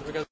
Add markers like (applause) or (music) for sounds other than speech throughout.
much.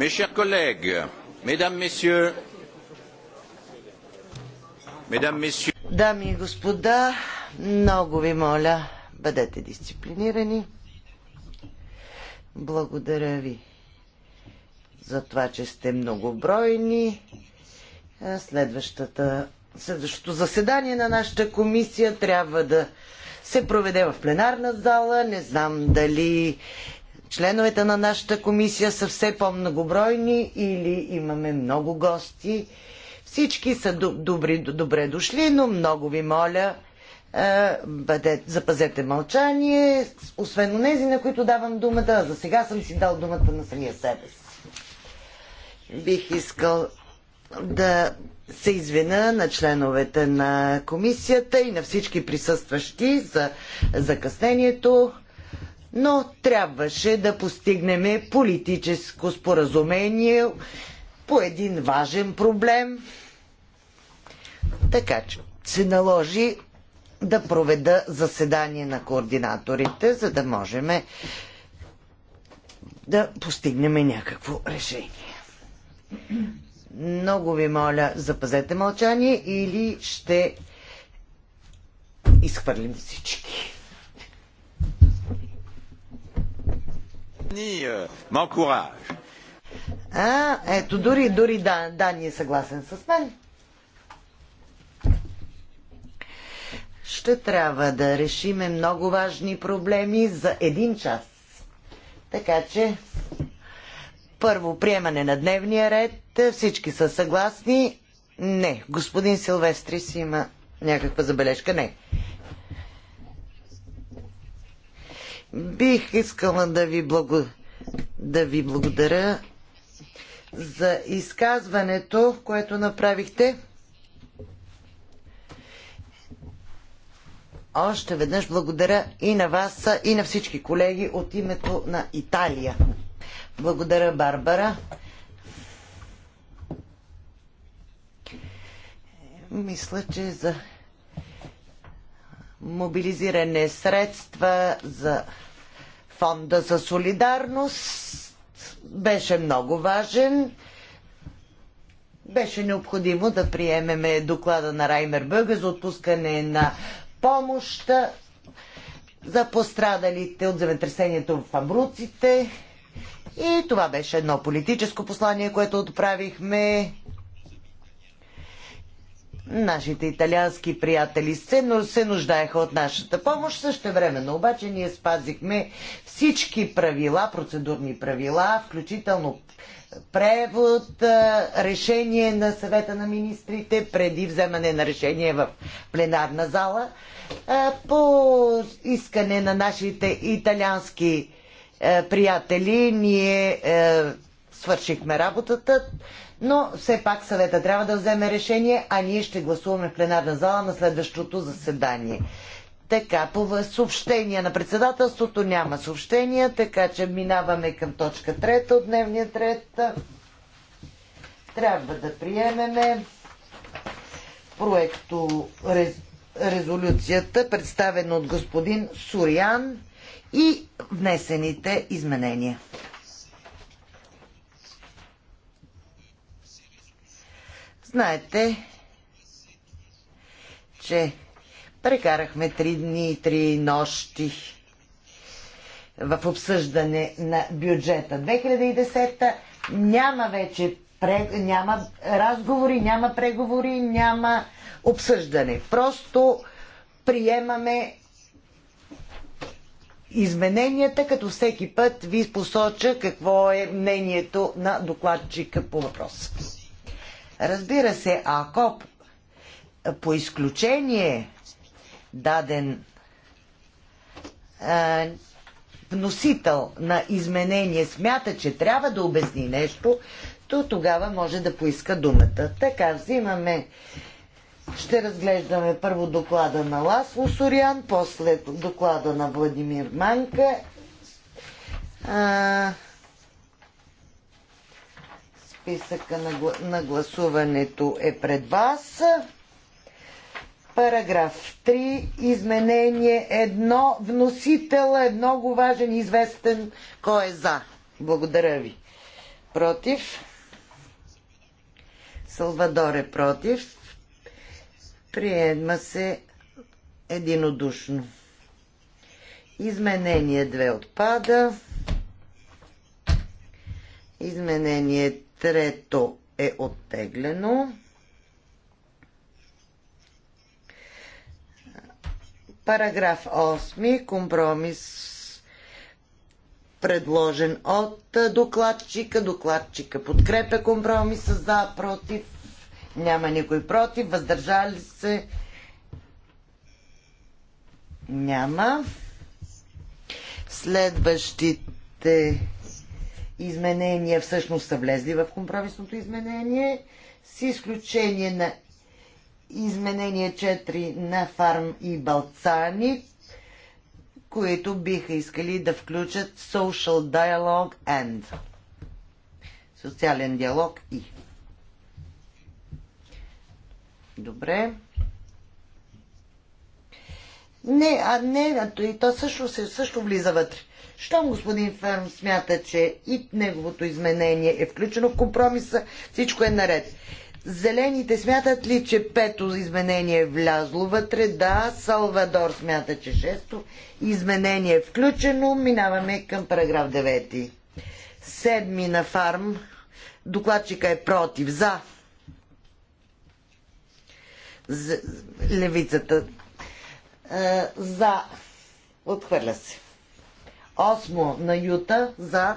Mes chers collègues, mesdames, messieurs, mesdames, messieurs. Дами и господа, много ви моля, бъдете дисциплинирани. Благодаря ви за това, че сте многобройни. Следващата, следващото заседание на нашата комисия трябва да се проведе в пленарна зала. Не знам дали Членовете на нашата комисия са все по-многобройни или имаме много гости. Всички са добри, добре дошли, но много ви моля, е, бъде, запазете мълчание, освен онези, на които давам думата, а за сега съм си дал думата на самия себе си. Бих искал да се извина на членовете на комисията и на всички присъстващи за закъснението но трябваше да постигнем политическо споразумение по един важен проблем. Така че се наложи да проведа заседание на координаторите, за да можем да постигнем някакво решение. Много ви моля, запазете мълчание или ще изхвърлим всички. Е, а, ето, дори, дори да, Дани е съгласен с мен. Ще трябва да решиме много важни проблеми за един час. Така че, първо приемане на дневния ред. Всички са съгласни. Не. Господин Силвестрис има някаква забележка. Не. Бих искала да ви, благо... да ви благодаря за изказването, което направихте. Още веднъж благодаря и на вас, и на всички колеги от името на Италия. Благодаря, Барбара. Мисля, че за мобилизиране средства за фонда за солидарност беше много важен. Беше необходимо да приемеме доклада на Раймер Бъга за отпускане на помощ за пострадалите от земетресението в Амруците. И това беше едно политическо послание, което отправихме Нашите италиански приятели се, но се нуждаеха от нашата помощ. Също времено обаче ние спазихме всички правила, процедурни правила, включително превод, решение на съвета на министрите преди вземане на решение в пленарна зала по искане на нашите италиански приятели ние свършихме работата, но все пак съвета трябва да вземе решение, а ние ще гласуваме в пленарна зала на следващото заседание. Така, по съобщения на председателството няма съобщения, така че минаваме към точка трета от дневния трет. Трябва да приемеме проекто резолюцията, представена от господин Сурян и внесените изменения. Знаете, че прекарахме три дни и три нощи в обсъждане на бюджета 2010. Няма вече прег... няма разговори, няма преговори, няма обсъждане. Просто приемаме измененията, като всеки път ви посоча какво е мнението на докладчика по въпроса. Разбира се, ако по изключение даден вносител на изменение смята, че трябва да обясни нещо, то тогава може да поиска думата. Така, взимаме. Ще разглеждаме първо доклада на Ласло Сорян, после доклада на Владимир Манка. А, списъка на, на гласуването е пред вас. Параграф 3. Изменение 1. Вносител е много важен и известен. Кой е за? Благодаря ви. Против. Салвадор е против. Приема се единодушно. Изменение 2 отпада. Изменение Трето е оттеглено. Параграф 8. Компромис предложен от докладчика. Докладчика подкрепя компромиса за, против. Няма никой против. Въздържали се. Няма. Следващите изменения всъщност са влезли в компромисното изменение, с изключение на изменение 4 на Фарм и Балцани, които биха искали да включат Social Dialogue and социален диалог и. Добре. Не, а не, а то, и то също, също влиза вътре. Щом господин Ферм смята, че и неговото изменение е включено в компромиса, всичко е наред. Зелените смятат ли, че пето изменение е влязло вътре? Да, Салвадор смята, че шесто изменение е включено. Минаваме към параграф 9. Седми на фарм. Докладчика е против. За. левицата. Е, за. Отхвърля се. Осмо на Юта за.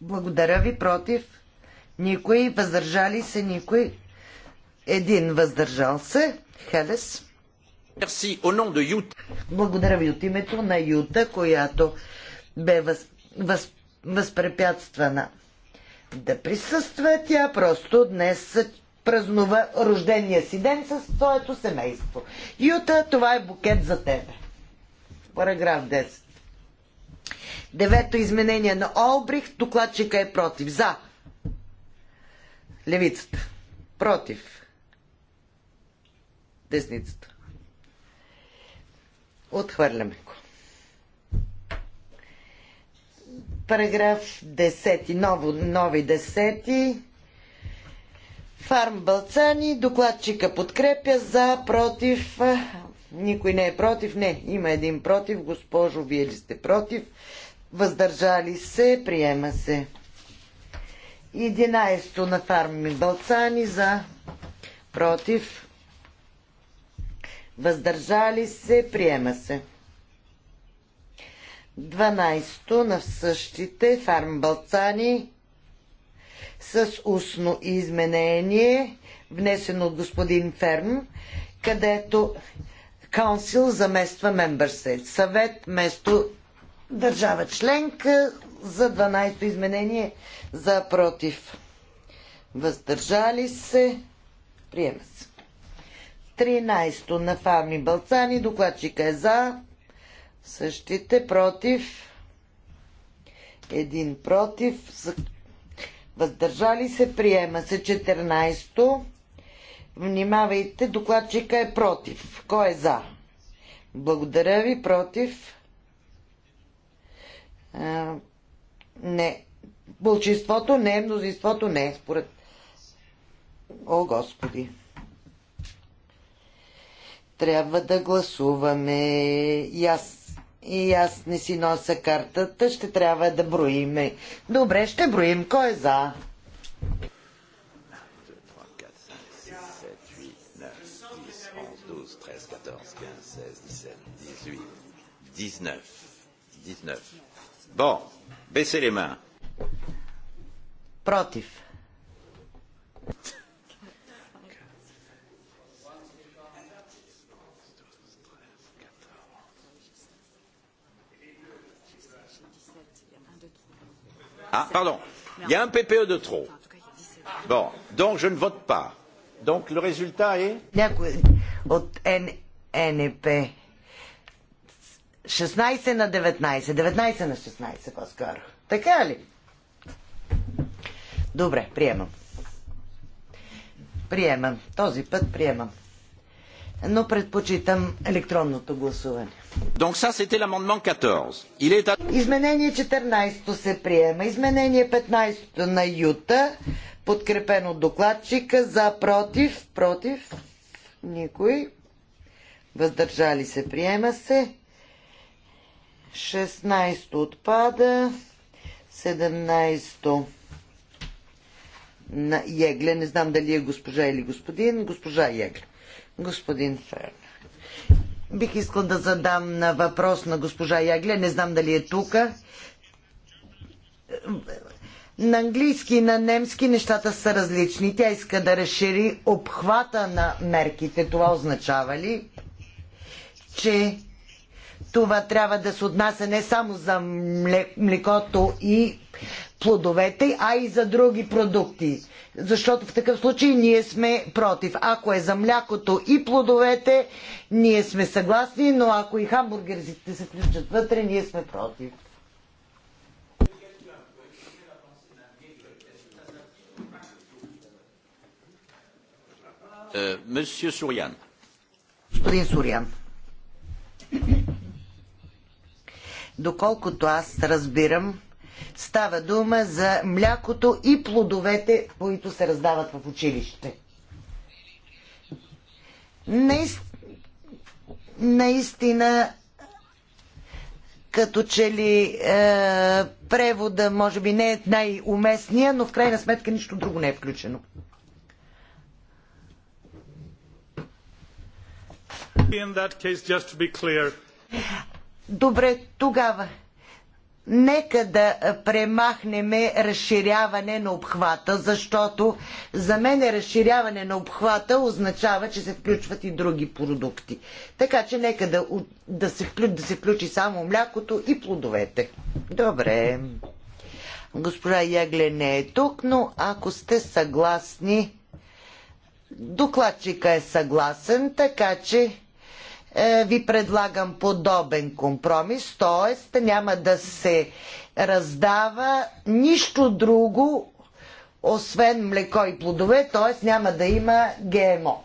Благодаря ви против. Никой. Въздържали се никой. Един въздържал се. Хелес. Благодаря ви от името на Юта, която бе въз, въз, възпрепятствана да присъства. Тя просто днес празнува рождения си ден със своето семейство. Юта, това е букет за тебе. Параграф 10. Девето изменение на Олбрих. Докладчика е против. За. Левицата. Против. Десницата. Отхвърляме го. Параграф 10. Ново, нови 10. Фарм Балцани. Докладчика подкрепя за, против, никой не е против? Не. Има един против. Госпожо, вие ли сте против? Въздържали се? Приема се. 11 на фарми Балцани за против. Въздържали се? Приема се. 12 на същите фарм Балцани с устно изменение, внесено от господин Ферм, където Council замества Member State. Съвет вместо държава членка за 12-то изменение за против. Въздържали се. Приема се. 13-то на Фами Балцани. Докладчика е за. Същите против. Един против. Въздържали се. Приема се. 14-то Внимавайте, докладчика е против. Кой е за? Благодаря ви, против. А, не. Бълчинството не, е, мнозинството не, според... О, Господи! Трябва да гласуваме. И аз, и аз не си нося картата. Ще трябва да броиме. Добре, ще броим. Кой е за? dix neuf. Bon, baissez les mains. Против. Ah, pardon. Il y a un PPE de trop. Bon, donc je ne vote pas. Donc le résultat est. Някой 16 на 19. 19 на 16 по-скоро. Така ли? Добре, приемам. Приемам. Този път приемам. Но предпочитам електронното гласуване. Donc ça, c'était l'amendement 14. Il est à... Изменение 14 се приема. Изменение 15 на Юта, подкрепено от докладчика, за против, против, никой. Въздържали се, приема се. 16 отпада. 17 на Егле. Не знам дали е госпожа или господин. Госпожа Егле. Господин Ферн. Бих искал да задам на въпрос на госпожа Ягле. Не знам дали е тук. На английски и на немски нещата са различни. Тя иска да разшири обхвата на мерките. Това означава ли, че това трябва да се отнася не само за млекото и плодовете, а и за други продукти. Защото в такъв случай ние сме против. Ако е за млякото и плодовете, ние сме съгласни, но ако и хамбургерите се включат вътре, ние сме против. Е, Господин Сурян. Доколкото аз разбирам, става дума за млякото и плодовете, които се раздават в училище. Наистина, наистина като че ли е, превода може би не е най-уместния, но в крайна сметка нищо друго не е включено. In that case, just to be clear. Добре, тогава. Нека да премахнем разширяване на обхвата, защото за мен разширяване на обхвата означава, че се включват и други продукти. Така че нека да, да, се, включ, да се включи само млякото и плодовете. Добре. Госпожа Ягле не е тук, но ако сте съгласни, докладчика е съгласен, така че е, ви предлагам подобен компромис, т.е. няма да се раздава нищо друго, освен млеко и плодове, т.е. няма да има ГМО.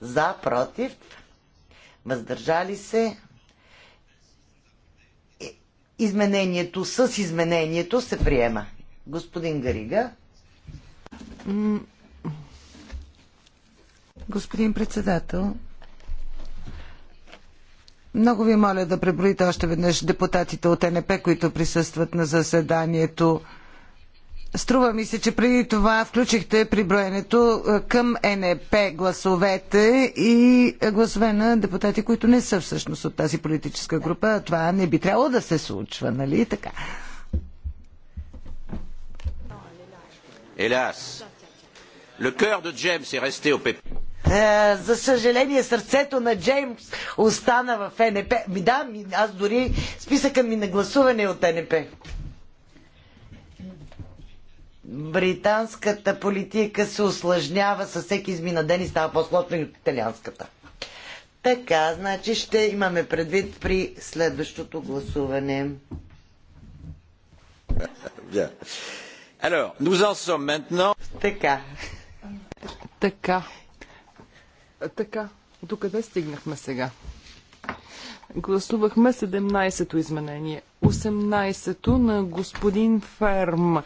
За, против, въздържали се. Е, изменението с изменението се приема. Господин Гарига. Господин председател, много ви моля да преброите още веднъж депутатите от НП, които присъстват на заседанието. Струва ми се, че преди това включихте приброенето към НП гласовете и гласове на депутати, които не са всъщност от тази политическа група. Това не би трябвало да се случва, нали така? Елас, le cœur de James est resté au PP. Е, за съжаление, сърцето на Джеймс остана в НП. Ми да, ми, аз дори списъка ми на гласуване е от НП. Британската политика се осложнява със всеки измина ден и става по-сложна от италианската. Така, значи ще имаме предвид при следващото гласуване. Alors, nous en sommes maintenant. Така. Така. Така, докъде стигнахме сега? Гласувахме 17-то изменение. 18-то на господин Ферм.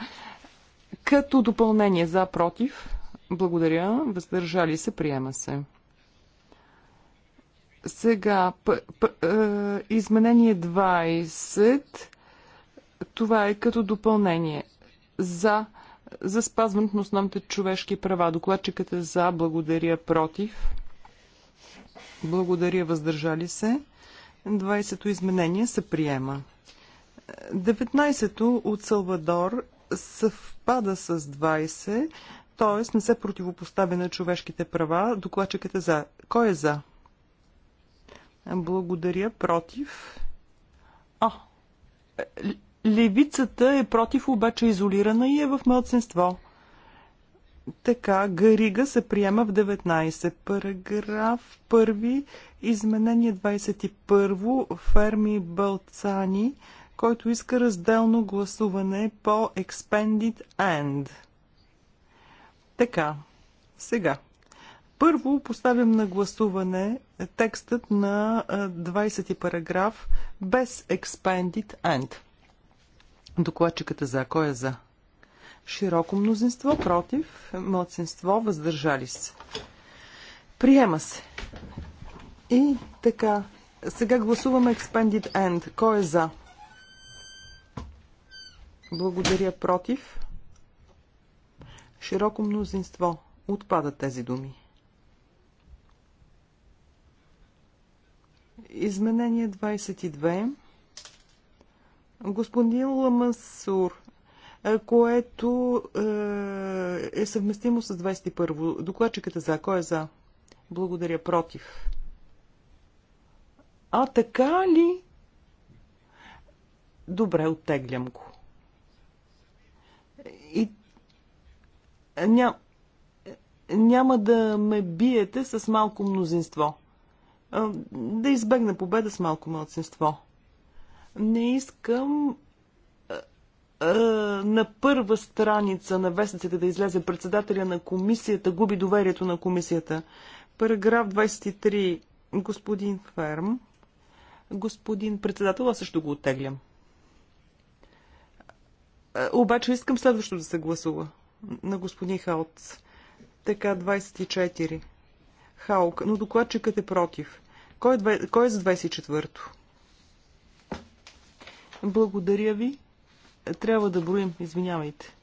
Като допълнение за против. Благодаря. Въздържали се. Приема се. Сега, п, п, е, изменение 20. Това е като допълнение. За, за спазването на основните човешки права. Докладчикът е за. Благодаря. Против. Благодаря, въздържали се. 20-то изменение се приема. 19-то от Салвадор съвпада с 20, т.е. не се противопоставя на човешките права. Докладчикът е за. Кой е за? Благодаря. Против. А, левицата е против, обаче изолирана и е в мълценство. Така, Гарига се приема в 19. Параграф 1, изменение 21, Ферми Балцани, който иска разделно гласуване по Expanded End. Така, сега. Първо поставям на гласуване текстът на 20 параграф без Expanded End. Докладчиката за. Кой е за? Широко мнозинство против, младсинство въздържали се. Приема се. И така, сега гласуваме Expanded End. Кой е за? Благодаря против. Широко мнозинство. Отпадат тези думи. Изменение 22. Господин Ламасур, което е съвместимо с 21-во. Докладчикът е за. Кой е за? Благодаря. Против. А така ли? Добре, оттеглям го. И Ня... няма да ме биете с малко мнозинство. Да избегна победа с малко младсинство. Не искам е, на първа страница на вестниците да излезе председателя на комисията, губи доверието на комисията. Параграф 23. Господин Ферм. Господин председател, аз също го оттеглям. Е, обаче искам следващо да се гласува на господин Хаоц. Така, 24. Хаук, но докладчикът е против. Кой е, кой е за 24-то? Благодаря ви. Трябва да броим, извинявайте.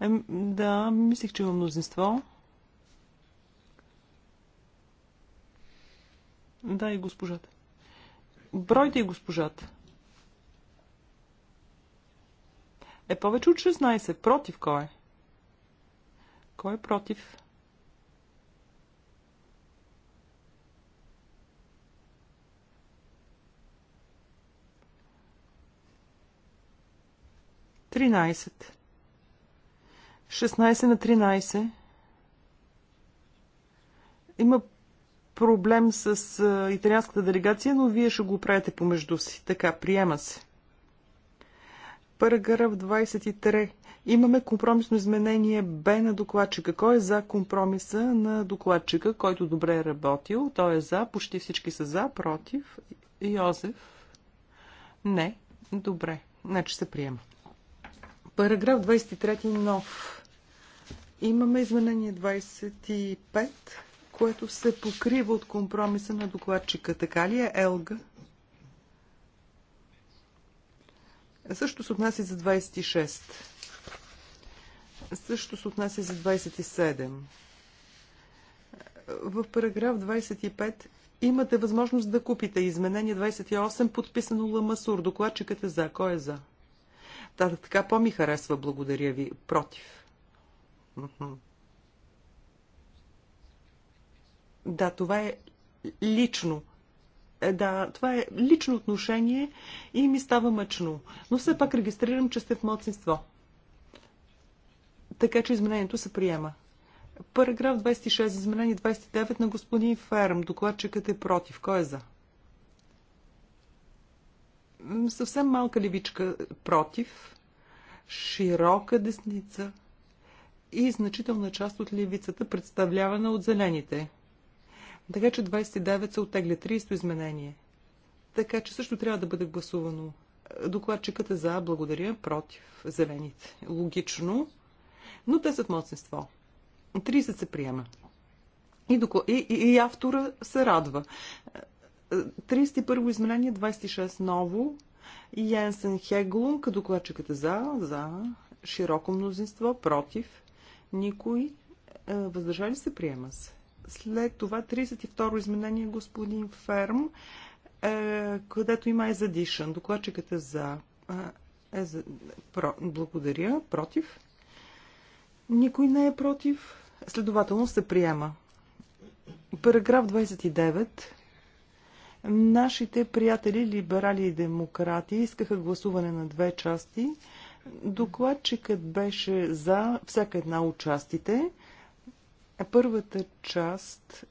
Ем, да, мислих, че има мнозинство. Да, и госпожата. Бройте и госпожата. Е повече от 16. Против кой? Кой е против? 13. 16 на 13. Има проблем с а, италианската делегация, но вие ще го оправите помежду си. Така, приема се. Параграф 23. Имаме компромисно изменение Б на докладчика. Кой е за компромиса на докладчика, който добре е работил? Той е за, почти всички са за, против. Йозеф? Не. Добре. Значи се приема. Параграф 23 нов. Имаме изменение 25, което се покрива от компромиса на докладчика. Така ли е, Елга? Също се отнася за 26. Също се отнася за 27. В параграф 25 имате възможност да купите изменение 28, подписано Ламасур. Докладчикът е за. Кой е за? Та, така по-ми харесва, благодаря ви. Против. Да, това е лично. Е, да, това е лично отношение и ми става мъчно. Но все пак регистрирам, че сте в младсинство. Така че изменението се приема. Параграф 26, изменение 29 на господин Ферм. Докладчикът е против. Кой е за? съвсем малка ливичка против, широка десница и значителна част от левицата, представлявана от зелените. Така че 29 се отегля 30 изменение. Така че също трябва да бъде гласувано. Докладчикът е за, благодаря, против зелените. Логично, но те са в младсинство. 30 се приема. И, доклад... и, и, и автора се радва. 31 изменение, 26 ново. Янсен Хеглунг, докладчикът е за, за, широко мнозинство, против, никой, е, въздържали се, приема се. След това 32 изменение, господин Ферм, е, където има езадишън. Докладчикът е за, е, е за про, благодаря, против. Никой не е против, следователно се приема. Параграф 29 Нашите приятели, либерали и демократи, искаха гласуване на две части. Докладчикът беше за всяка една от частите. Първата част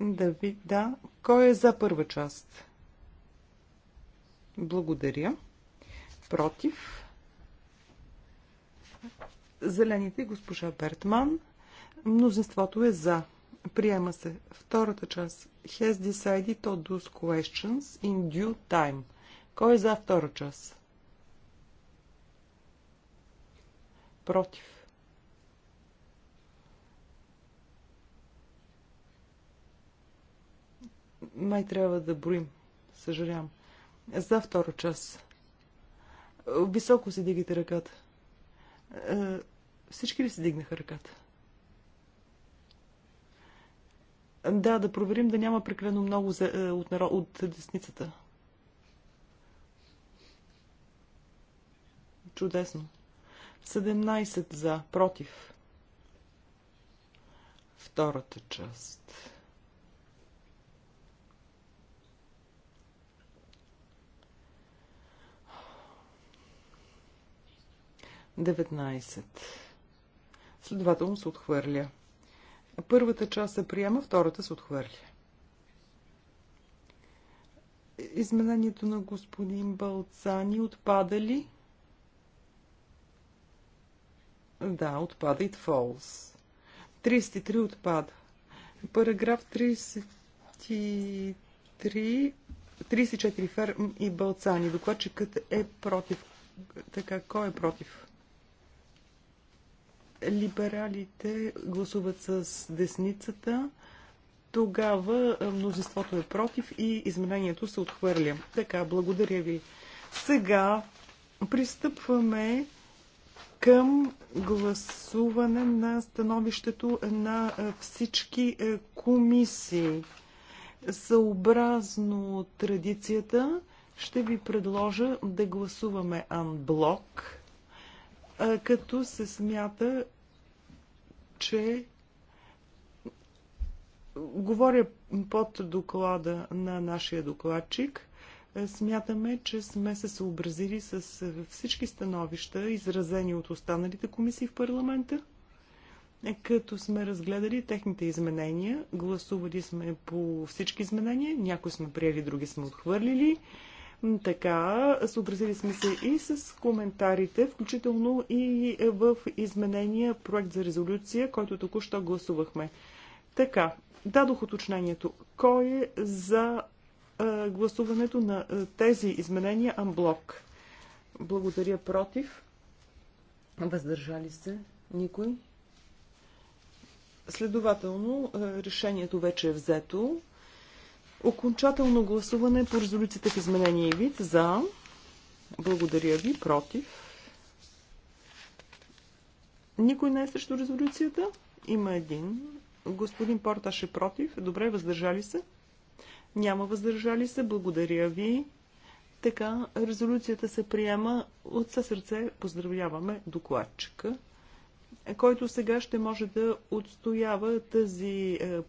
да ви, да. Кой е за първа част? Благодаря. Против. Зелените госпожа Бертман. Мнозинството е за. Приема се втората част. Has decided to do questions in due time. Кой е за втора част? Против. Май трябва да броим. Съжалявам. За втора част. Високо си дигате ръката. Е, всички ли си дигнаха ръката? Да, да проверим да няма прекалено много за, е, от, народ, от десницата. Чудесно. 17 за, против. Втората част. Деветнайсет. Следователно се отхвърля. Първата част се приема, втората се отхвърля. Изменението на господин Балцани отпада ли? Да, отпада и Фолс. 33 отпада. Параграф 33, 34 Ферм и Балцани. Докладчикът е против. Така, кой е против? либералите гласуват с десницата, тогава мнозинството е против и изменението се отхвърля. Така, благодаря ви. Сега пристъпваме към гласуване на становището на всички комисии. Съобразно традицията ще ви предложа да гласуваме анблок като се смята, че говоря под доклада на нашия докладчик. Смятаме, че сме се съобразили с всички становища, изразени от останалите комисии в парламента, като сме разгледали техните изменения. Гласували сме по всички изменения, някои сме приели, други сме отхвърлили. Така, съобразили сме се и с коментарите, включително и в изменения проект за резолюция, който току-що гласувахме. Така, дадох уточнението. Кой е за а, гласуването на а, тези изменения амблок? Благодаря против. Въздържали се? Никой? Следователно, решението вече е взето. Окончателно гласуване по резолюцията в изменение и вид. За. Благодаря ви. Против. Никой не е срещу резолюцията. Има един. Господин Порташ е против. Добре, въздържали се. Няма въздържали се. Благодаря ви. Така, резолюцията се приема от със сърце. поздравяваме докладчика, който сега ще може да отстоява тази е,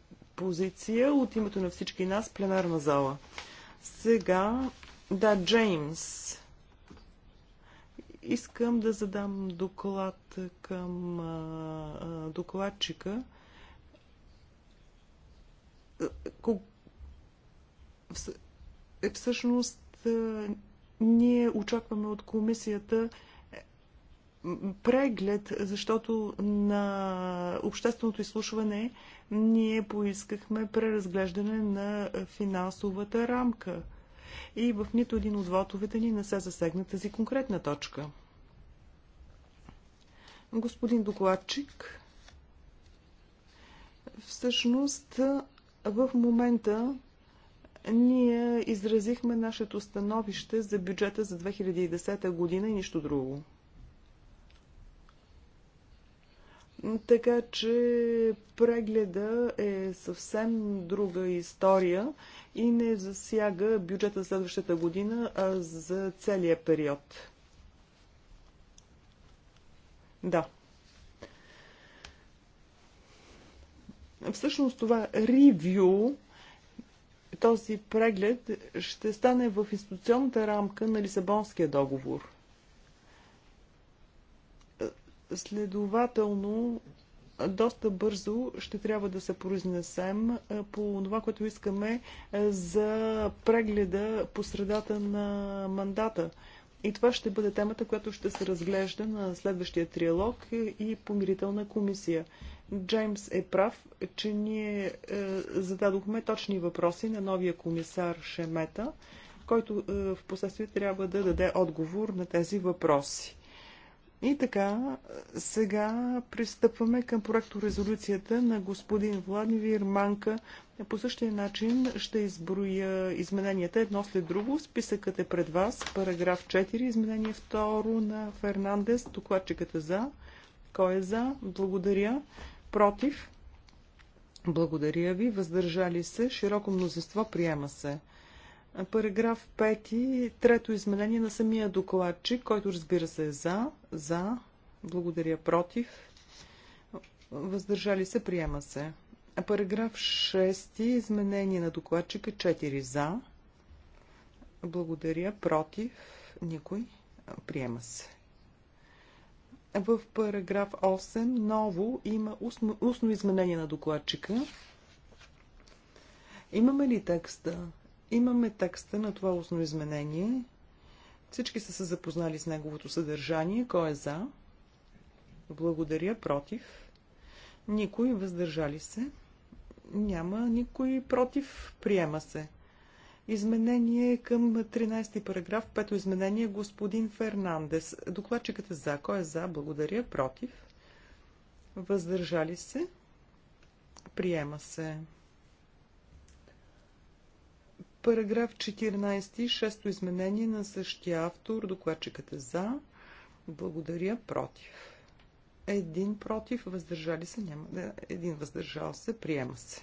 позиция от името на всички нас пленарна зала. Сега, да, Джеймс. Искам да задам доклад към а, докладчика. Е, всъщност, ние очакваме от комисията преглед, защото на общественото изслушване ние поискахме преразглеждане на финансовата рамка. И в нито един от вотовете ни не се засегна тази конкретна точка. Господин докладчик, всъщност в момента ние изразихме нашето становище за бюджета за 2010 година и нищо друго. Така че прегледа е съвсем друга история и не засяга бюджета за следващата година, а за целия период. Да. Всъщност това ревю, този преглед ще стане в институционната рамка на Лисабонския договор. Следователно, доста бързо ще трябва да се произнесем по това, което искаме за прегледа по средата на мандата. И това ще бъде темата, която ще се разглежда на следващия триалог и помирителна комисия. Джеймс е прав, че ние е, зададохме точни въпроси на новия комисар Шемета, който е, в последствие трябва да даде отговор на тези въпроси. И така, сега пристъпваме към проекто резолюцията на господин Владимир Манка. По същия начин ще изброя измененията едно след друго. Списъкът е пред вас. Параграф 4, изменение 2 на Фернандес. Докладчикът е за. Кой е за? Благодаря. Против? Благодаря ви. Въздържали се. Широко мнозинство приема се. Параграф 5, трето изменение на самия докладчик, който разбира се е за, за, благодаря против, въздържали се, приема се. Параграф 6, изменение на докладчика, 4 за, благодаря против, никой, приема се. В параграф 8 ново има устно, устно изменение на докладчика. Имаме ли текста? Имаме текста на това устно изменение. Всички са се запознали с неговото съдържание. Кой е за? Благодаря. Против? Никой. Въздържали се? Няма никой против. Приема се. Изменение към 13 параграф, пето изменение, господин Фернандес. Докладчикът е за. Кой е за? Благодаря. Против? Въздържали се? Приема се. Параграф 14, шесто изменение на същия автор, докладчикът е за. Благодаря, против. Един против, въздържали се, няма. Един въздържал се, приема се.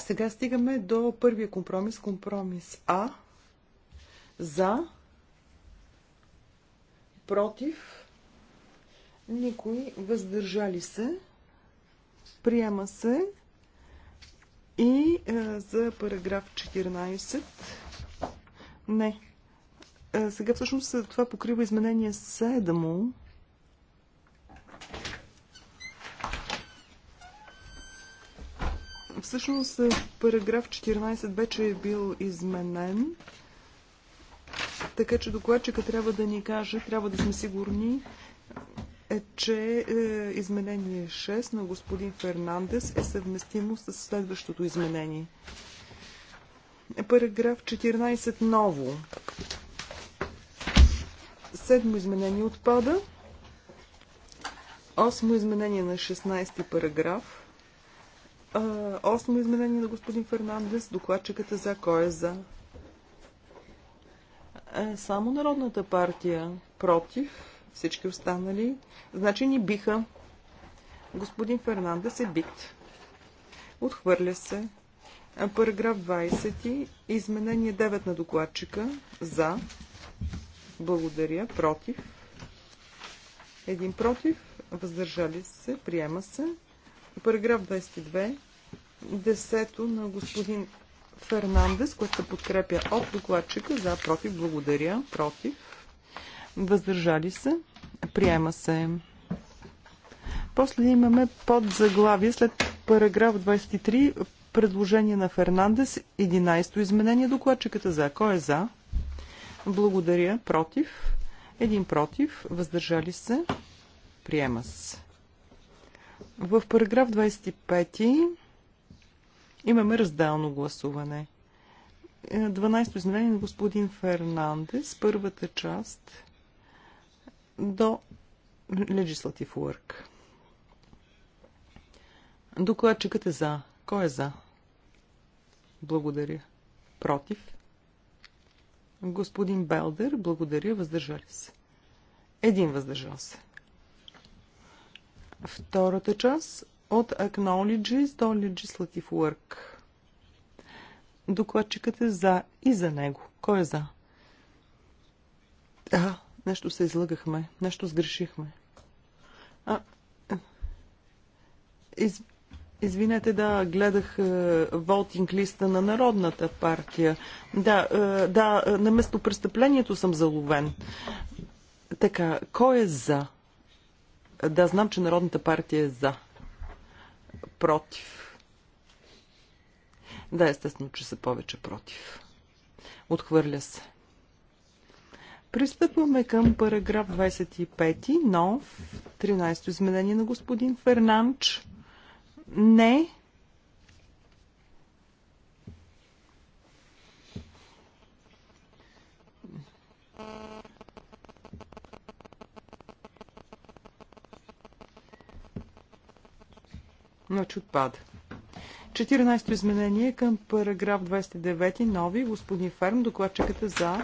Сега стигаме до първия компромис, компромис А. За, против, никой, въздържали се, приема се. И е, за параграф 14. Не. Е, сега всъщност е, това покрива изменение 7. Всъщност параграф 14 вече е бил изменен. Така че докладчика трябва да ни каже, трябва да сме сигурни е, че е, изменение 6 на господин Фернандес е съвместимо с следващото изменение. Параграф 14 ново. Седмо изменение отпада. Осмо изменение на 16 параграф. Осмо изменение на господин Фернандес. Докладчиката за кой е за? Е, само Народната партия против всички останали, значи ни биха. Господин Фернандес е бит. Отхвърля се. Параграф 20. Изменение 9 на докладчика. За. Благодаря. Против. Един против. Въздържали се. Приема се. Параграф 22. Десето на господин Фернандес, което се подкрепя от докладчика. За. Против. Благодаря. Против. Въздържали се. Приема се. После имаме под заглавие след параграф 23, предложение на Фернандес, 11-то изменение, докладчиката за. Кой е за? Благодаря. Против? Един против. Въздържали се? Приема се. В параграф 25 имаме разделно гласуване. 12-то е, изменение на господин Фернандес, първата част – до legislative work. Докладчикът е за. Кой е за? Благодаря. Против? Господин Белдер, благодаря, въздържали се. Един въздържал се. Втората част от Acknowledges до Legislative Work. Докладчикът е за и за него. Кой е за? Да. Нещо се излъгахме, нещо сгрешихме. А, е, из, Извинете, да, гледах е, волтинг листа на Народната партия. Да, е, да, е, на место престъплението съм заловен. Така, кой е за? Да, знам, че Народната партия е за. Против. Да, естествено, че са повече против. Отхвърля се. Пристъпваме към параграф 25, нов, 13-то изменение на господин Фернанч. Не. Значи отпада. 14-то изменение към параграф 29, нови, господин Ферм, докладчиката за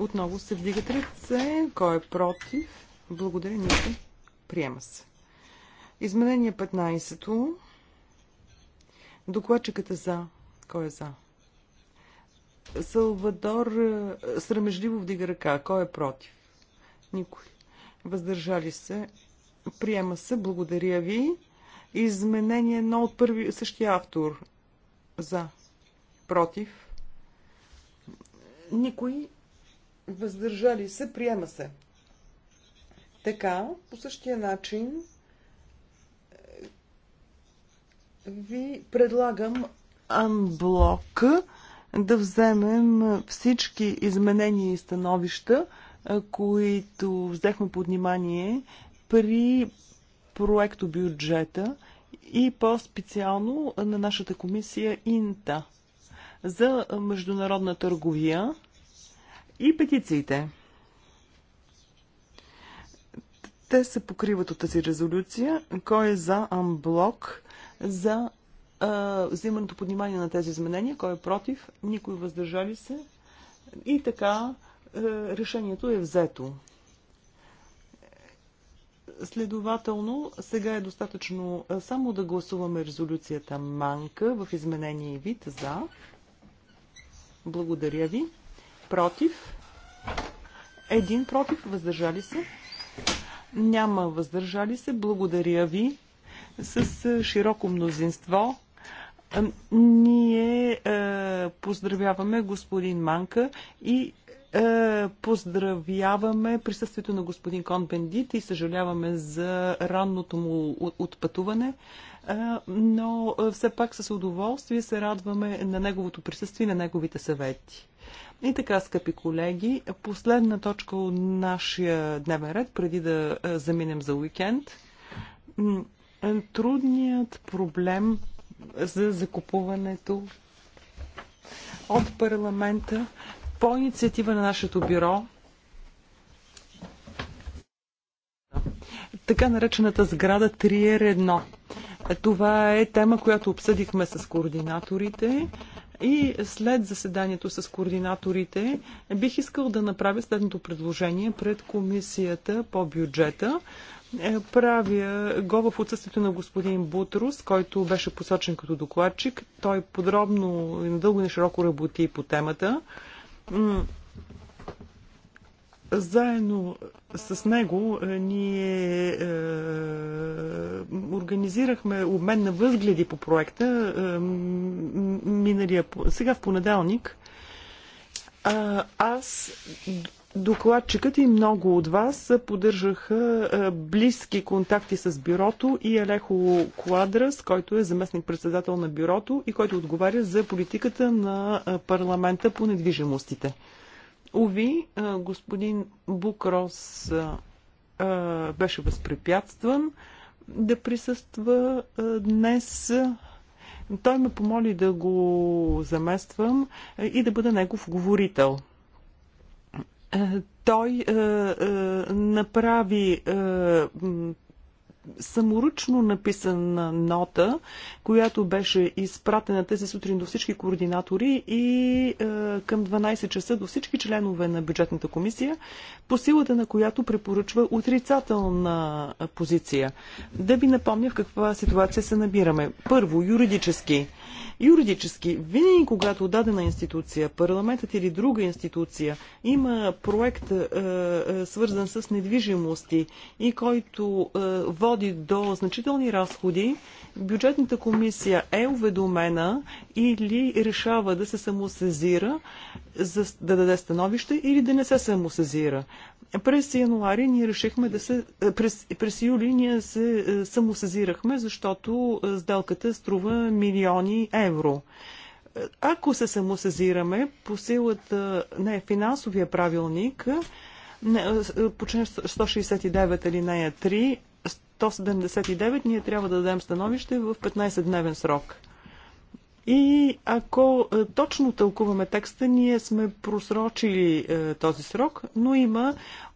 отново се вдигат ръце. Кой е против? Благодаря, никой. Приема се. Изменение 15-то. Докладчикът е за. Кой е за? Салвадор е, срамежливо вдига ръка. Кой е против? Никой. Въздържали се. Приема се. Благодаря ви. Изменение едно от първи, същия автор. За. Против. Никой въздържали се, приема се. Така, по същия начин ви предлагам анблок да вземем всички изменения и становища, които взехме под внимание при проекто бюджета и по-специално на нашата комисия Инта за международна търговия и петициите. Те се покриват от тази резолюция. Кой е за амблок, за а, взимането под внимание на тези изменения, кой е против, никой въздържали се. И така а, решението е взето. Следователно, сега е достатъчно само да гласуваме резолюцията Манка в изменение и вид за. Благодаря ви против, един против, въздържали се. Няма въздържали се. Благодаря ви. С е, широко мнозинство ние е, поздравяваме господин Манка и е, поздравяваме присъствието на господин Кон Бендит и съжаляваме за ранното му отпътуване но все пак с удоволствие се радваме на неговото присъствие и на неговите съвети. И така, скъпи колеги, последна точка от нашия дневен ред, преди да заминем за уикенд. Трудният проблем за закупуването от парламента по инициатива на нашето бюро така наречената сграда 3R1. Това е тема, която обсъдихме с координаторите. И след заседанието с координаторите бих искал да направя следното предложение пред комисията по бюджета. Е, правя го в отсъствието на господин Бутрус, който беше посочен като докладчик. Той подробно и надълго и широко работи по темата. Заедно с него е, ние е, организирахме обмен на възгледи по проекта е, миналия, сега в понеделник. А, аз, докладчикът и много от вас поддържаха е, близки контакти с бюрото и Елехо Квадрас, който е заместник председател на бюрото и който отговаря за политиката на е, парламента по недвижимостите. Уви, господин Букрос беше възпрепятстван да присъства днес. Той ме помоли да го замествам и да бъда негов говорител. Той направи саморъчно написана нота, която беше изпратена тези сутрин до всички координатори и е, към 12 часа до всички членове на бюджетната комисия, по силата на която препоръчва отрицателна позиция. Да ви напомня в каква ситуация се набираме. Първо, юридически Юридически, винаги когато дадена институция, парламентът или друга институция има проект е, е, свързан с недвижимости и който е, води до значителни разходи, бюджетната комисия е уведомена или решава да се самосезира, за да даде становище или да не се самосезира. През януари ние решихме да се... Е, през, през юли ние се е, самосъзирахме, защото е, сделката струва милиони евро. Ако се самосъзираме по силата на финансовия правилник, по член 169 или нея 3, 179, ние трябва да дадем становище в 15-дневен срок. И ако е, точно тълкуваме текста, ние сме просрочили е, този срок, но има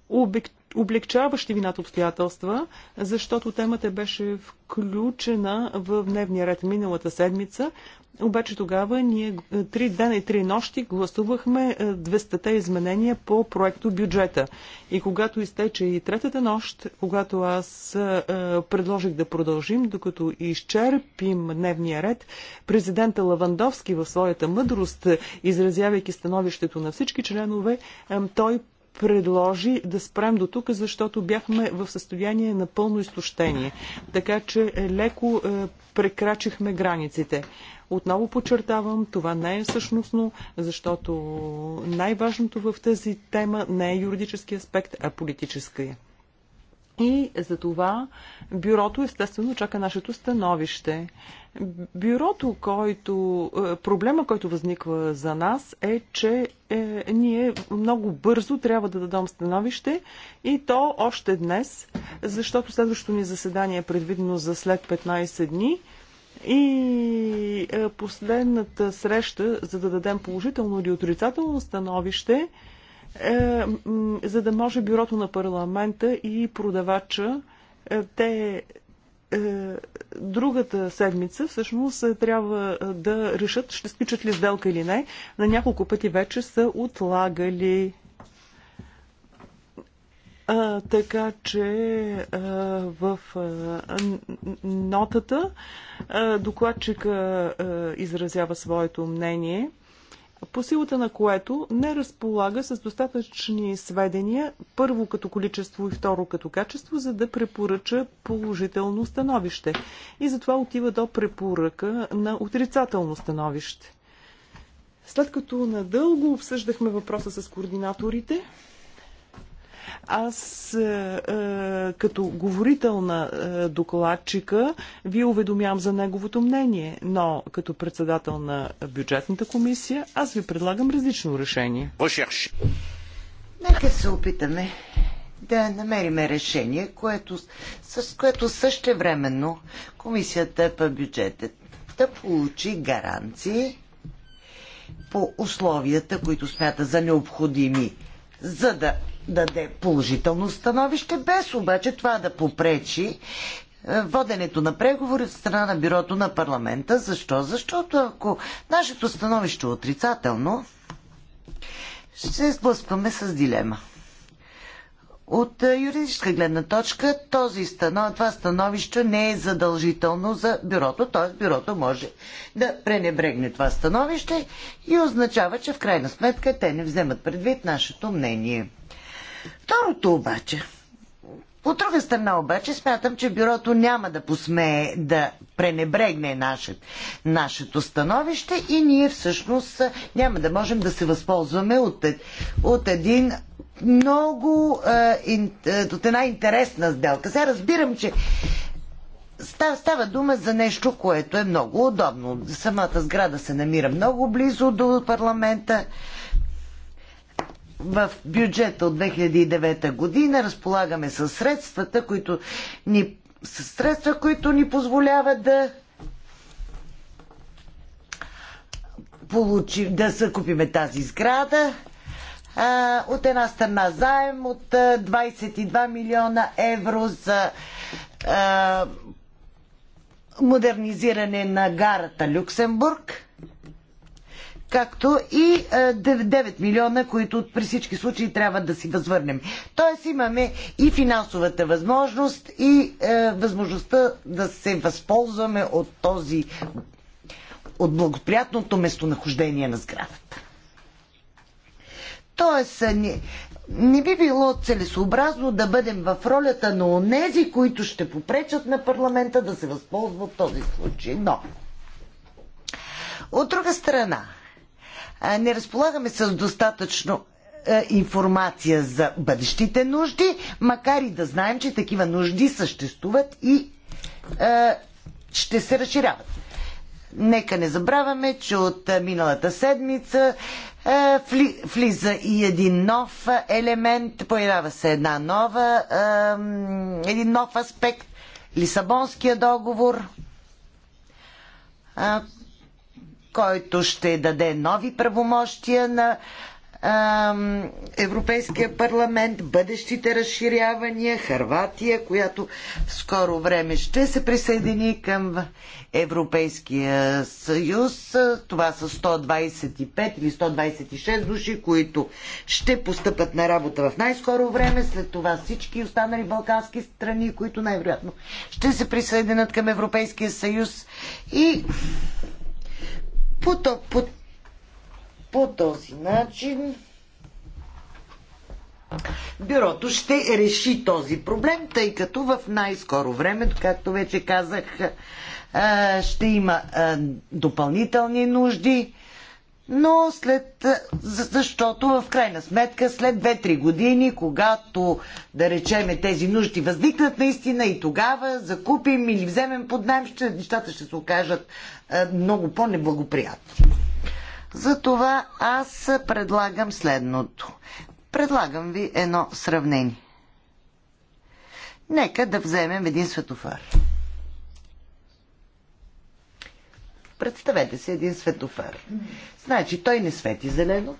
обект облегчаващи вината обстоятелства, защото темата беше включена в дневния ред миналата седмица. Обаче тогава ние е, три дена и три нощи гласувахме 200-те изменения по проекто бюджета. И когато изтече и третата нощ, когато аз е, предложих да продължим, докато изчерпим дневния ред, президента Лавандовски в своята мъдрост, е, изразявайки становището на всички членове, той предложи да спрем до тук, защото бяхме в състояние на пълно изтощение. Така че е, леко е, прекрачихме границите. Отново подчертавам, това не е същностно, защото най-важното в тази тема не е юридически аспект, а политическия и за това бюрото естествено чака нашето становище. Бюрото, който, е, проблема, който възниква за нас е, че е, ние много бързо трябва да дадем становище и то още днес, защото следващото ни заседание е предвидено за след 15 дни. И е, последната среща, за да дадем положително или отрицателно становище, е, за да може бюрото на парламента и продавача е, те е, другата седмица всъщност трябва да решат ще спичат ли сделка или не. На няколко пъти вече са отлагали. А, така че а, в а, нотата а, докладчика а, изразява своето мнение по силата на което не разполага с достатъчни сведения, първо като количество и второ като качество, за да препоръча положително становище. И затова отива до препоръка на отрицателно становище. След като надълго обсъждахме въпроса с координаторите, аз е, е, като говорител на е, докладчика ви уведомям за неговото мнение, но като председател на бюджетната комисия аз ви предлагам различно решение. Нека се опитаме да намериме решение, което, с което също временно комисията по бюджета да получи гаранции по условията, които смята за необходими за да даде положително становище, без обаче това да попречи е, воденето на преговори от страна на бюрото на парламента. Защо? Защото ако нашето становище е отрицателно, ще се сблъскваме с дилема. От е, юридическа гледна точка този станов, това становище не е задължително за бюрото, т.е. бюрото може да пренебрегне това становище и означава, че в крайна сметка те не вземат предвид нашето мнение. Второто обаче, от друга страна обаче смятам, че бюрото няма да посмее да пренебрегне наше, нашето становище и ние всъщност е, няма да можем да се възползваме от, е, от един много е, е, от една интересна сделка. Сега разбирам, че става, става дума за нещо, което е много удобно. Самата сграда се намира много близо до парламента. В бюджета от 2009 година разполагаме с средствата, които ни, с средства, които ни позволяват да получи, да закупиме тази сграда от една страна заем от 22 милиона евро за модернизиране на гарата Люксембург, както и 9 милиона, които при всички случаи трябва да си възвърнем. Тоест имаме и финансовата възможност, и възможността да се възползваме от този от благоприятното местонахождение на сградата. Тоест, не, не би било целесообразно да бъдем в ролята на онези, които ще попречат на парламента да се възползва в този случай. Но, от друга страна, не разполагаме с достатъчно информация за бъдещите нужди, макар и да знаем, че такива нужди съществуват и е, ще се разширяват. Нека не забравяме, че от миналата седмица е, влиза и един нов елемент, появява се една нова, един нов аспект, Лисабонския договор, който ще даде нови правомощия на Европейския парламент, бъдещите разширявания, Харватия, която в скоро време ще се присъедини към Европейския съюз. Това са 125 или 126 души, които ще постъпат на работа в най-скоро време. След това всички останали балкански страни, които най-вероятно ще се присъединят към Европейския съюз. И по, по, по този начин Бюрото ще реши този проблем, тъй като в най-скоро време, както вече казах, ще има допълнителни нужди, но след, защото в крайна сметка след 2-3 години, когато да речеме тези нужди възникнат наистина и тогава закупим или вземем под найем, нещата ще се окажат много по-неблагоприятни. Затова аз предлагам следното. Предлагам ви едно сравнение. Нека да вземем един светофар. Представете си един светофар. Значи, той не свети зелено,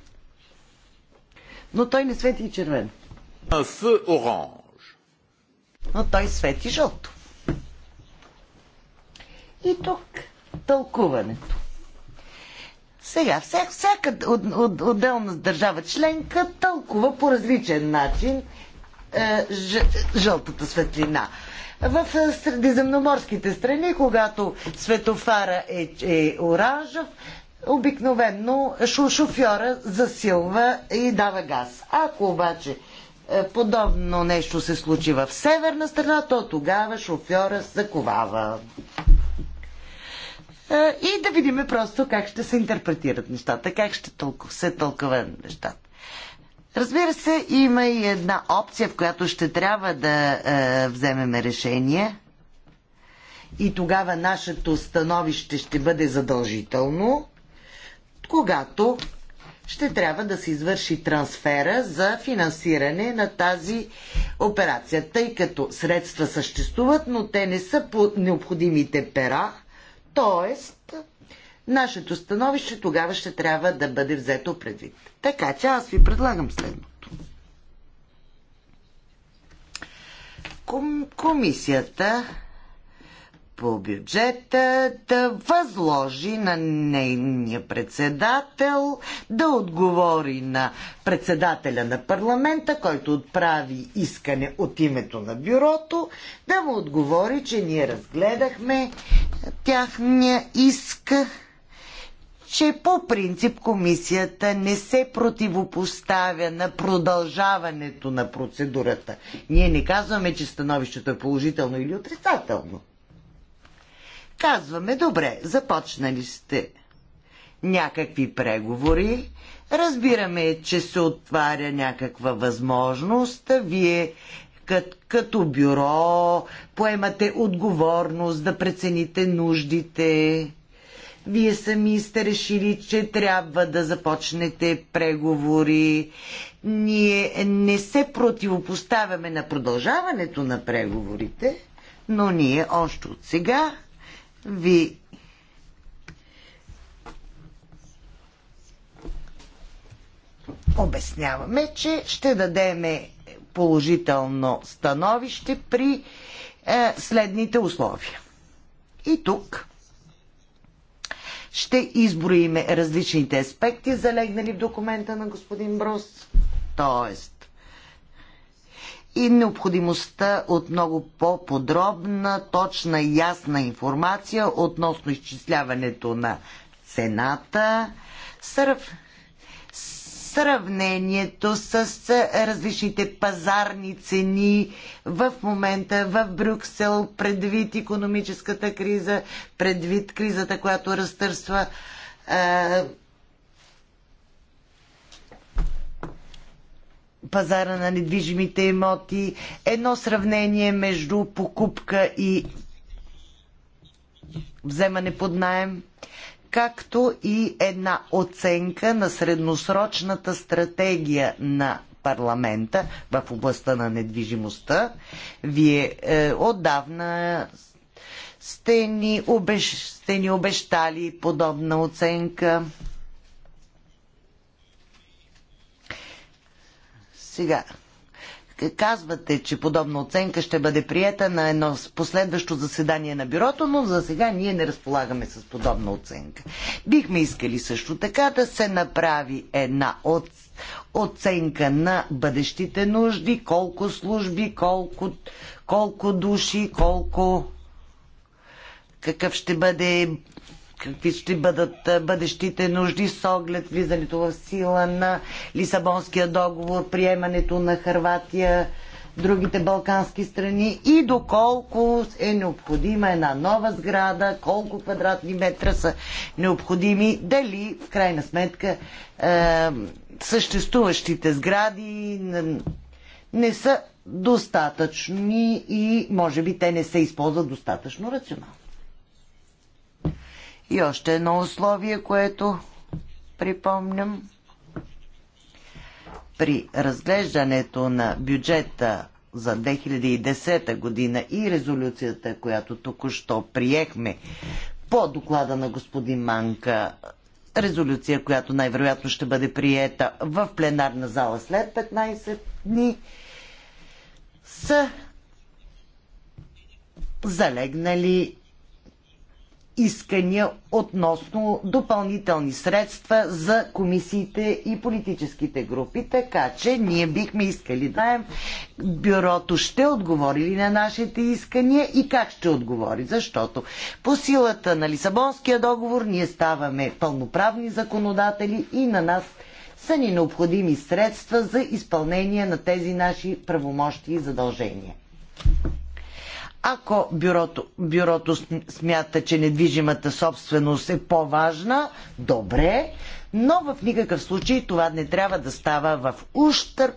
но той не свети и червено. Un feu Но той свети жълто. И тук тълкуването. Сега, всяка, всяка от, от, отделна държава членка тълкува по различен начин е, ж, жълтата светлина. В е, средиземноморските страни, когато светофара е, е оранжев, обикновенно шофьора засилва и дава газ. Ако обаче е, подобно нещо се случи в северна страна, то тогава шофьора заковава. Е, и да видим просто как ще се интерпретират нещата, как ще толков, се толкова нещата. Разбира се, има и една опция, в която ще трябва да е, вземем решение. И тогава нашето становище ще бъде задължително, когато ще трябва да се извърши трансфера за финансиране на тази операция, тъй като средства съществуват, но те не са по необходимите пера Тоест, нашето становище тогава ще трябва да бъде взето предвид. Така че аз ви предлагам следното. Ком- комисията по бюджета да възложи на нейния председател да отговори на председателя на парламента, който отправи искане от името на бюрото, да му отговори, че ние разгледахме тяхния иск, че по принцип комисията не се противопоставя на продължаването на процедурата. Ние не казваме, че становището е положително или отрицателно. Казваме, добре, започнали сте някакви преговори, разбираме, че се отваря някаква възможност, вие кът, като бюро поемате отговорност да прецените нуждите. Вие сами сте решили, че трябва да започнете преговори. Ние не се противопоставяме на продължаването на преговорите, но ние още от сега ви обясняваме, че ще дадеме положително становище при е, следните условия. И тук ще изброиме различните аспекти, залегнали в документа на господин Брос. Тоест, и необходимостта от много по-подробна, точна и ясна информация относно изчисляването на цената, сръв... сравнението с различните пазарни цени в момента в Брюксел, предвид економическата криза, предвид кризата, която разтърсва е, пазара на недвижимите имоти, едно сравнение между покупка и вземане под найем, както и една оценка на средносрочната стратегия на парламента в областта на недвижимостта. Вие е, отдавна сте ни, обещ... сте ни обещали подобна оценка. Сега, казвате, че подобна оценка ще бъде приета на едно последващо заседание на бюрото, но за сега ние не разполагаме с подобна оценка. Бихме искали също така да се направи една от оценка на бъдещите нужди, колко служби, колко, колко души, колко какъв ще бъде какви ще бъдат бъдещите нужди с оглед влизането в сила на Лисабонския договор, приемането на Харватия, другите балкански страни и доколко е необходима една нова сграда, колко квадратни метра са необходими, дали в крайна сметка е, съществуващите сгради не са достатъчни и може би те не се използват достатъчно рационално. И още едно условие, което припомням. При разглеждането на бюджета за 2010 година и резолюцията, която току-що приехме по доклада на господин Манка, резолюция, която най-вероятно ще бъде приета в пленарна зала след 15 дни, са залегнали искания относно допълнителни средства за комисиите и политическите групи. Така че ние бихме искали да знаем бюрото ще отговори ли на нашите искания и как ще отговори. Защото по силата на Лисабонския договор ние ставаме пълноправни законодатели и на нас са ни необходими средства за изпълнение на тези наши правомощи и задължения. Ако бюрото, бюрото смята, че недвижимата собственост е по-важна, добре, но в никакъв случай това не трябва да става в ущърп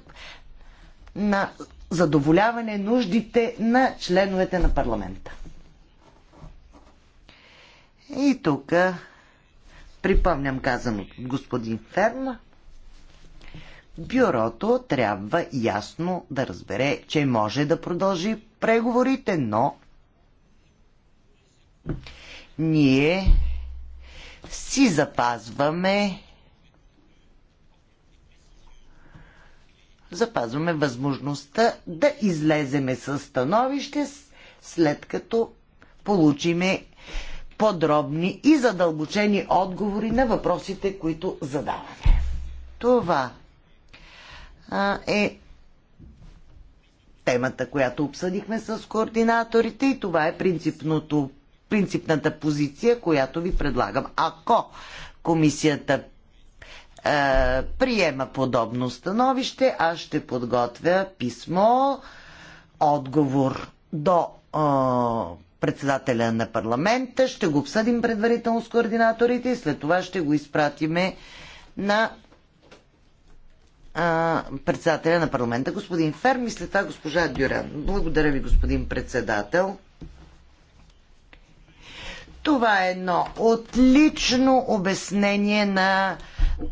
на задоволяване нуждите на членовете на парламента. И тук припомням казаното от господин Ферна. Бюрото трябва ясно да разбере, че може да продължи преговорите, но ние си запазваме запазваме възможността да излеземе със становище след като получиме подробни и задълбочени отговори на въпросите, които задаваме. Това е темата, която обсъдихме с координаторите и това е принципното, принципната позиция, която ви предлагам. Ако комисията е, приема подобно становище, аз ще подготвя писмо, отговор до е, председателя на парламента, ще го обсъдим предварително с координаторите и след това ще го изпратиме на председателя на парламента, господин Ферм и след това госпожа Дюран. Благодаря ви, господин председател. Това е едно отлично обяснение на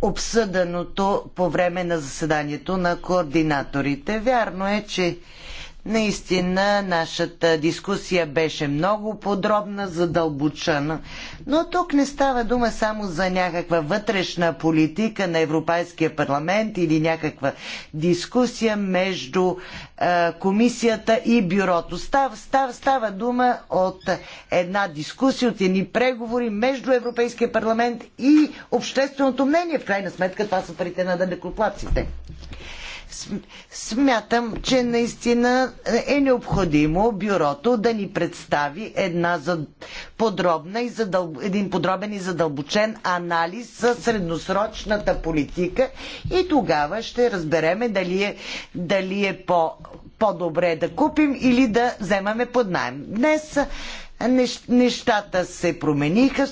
обсъданото по време на заседанието на координаторите. Вярно е, че Наистина, нашата дискусия беше много подробна, задълбочена, но тук не става дума само за някаква вътрешна политика на Европейския парламент или някаква дискусия между е, комисията и бюрото. Став, став, става дума от една дискусия, от едни преговори между Европейския парламент и общественото мнение. В крайна сметка това са парите на далекоплаците. Смятам, че наистина е необходимо бюрото да ни представи една подробна и задъл... един подробен и задълбочен анализ за средносрочната политика и тогава ще разбереме дали е, дали е по... по-добре да купим или да вземаме под найем. Днес нещата се промениха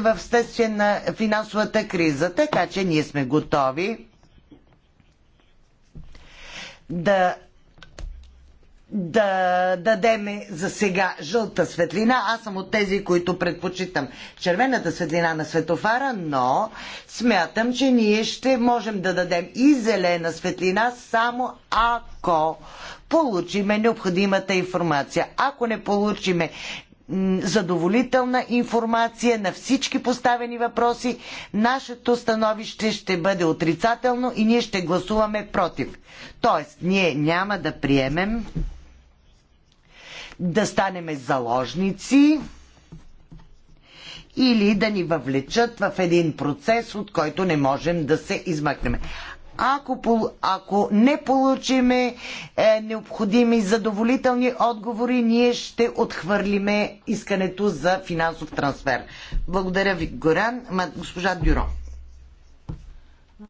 в следствие на финансовата криза, така че ние сме готови да да дадеме за сега жълта светлина. Аз съм от тези, които предпочитам червената светлина на светофара, но смятам, че ние ще можем да дадем и зелена светлина само ако получиме необходимата информация. Ако не получиме задоволителна информация на всички поставени въпроси. Нашето становище ще бъде отрицателно и ние ще гласуваме против. Тоест, ние няма да приемем да станеме заложници или да ни въвлечат в един процес, от който не можем да се измъкнем. Ако, ако не получиме е, необходими задоволителни отговори, ние ще отхвърлиме искането за финансов трансфер. Благодаря ви, Горан. Госпожа Дюро.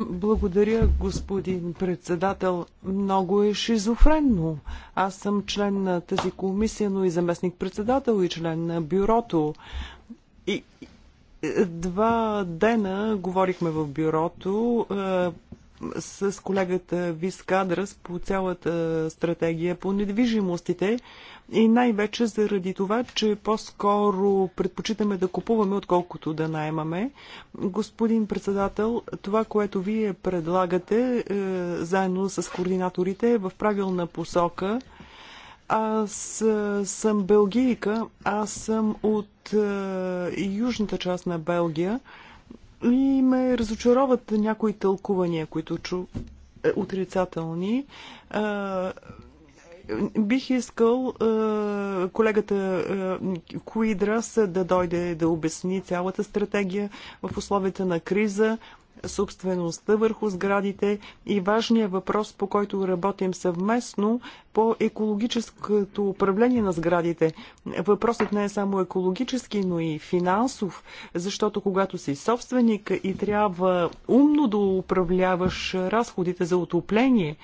Благодаря, господин председател. Много е шизофренно. Аз съм член на тази комисия, но и заместник-председател и член на бюрото. И, два дена говорихме в бюрото е, с колегата Вискадрас по цялата стратегия по недвижимостите и най-вече заради това, че по-скоро предпочитаме да купуваме, отколкото да наймаме. Господин председател, това, което вие предлагате е, заедно с координаторите е в правилна посока. Аз е, съм белгийка, аз съм от е, южната част на Белгия. И ме разочароват някои тълкувания, които чу е, отрицателни. Бих искал колегата Куидрас да дойде да обясни цялата стратегия в условията на криза, собствеността върху сградите и важния въпрос, по който работим съвместно, по екологическото управление на сградите. Въпросът не е само екологически, но и финансов, защото когато си собственик и трябва умно да управляваш разходите за отопление,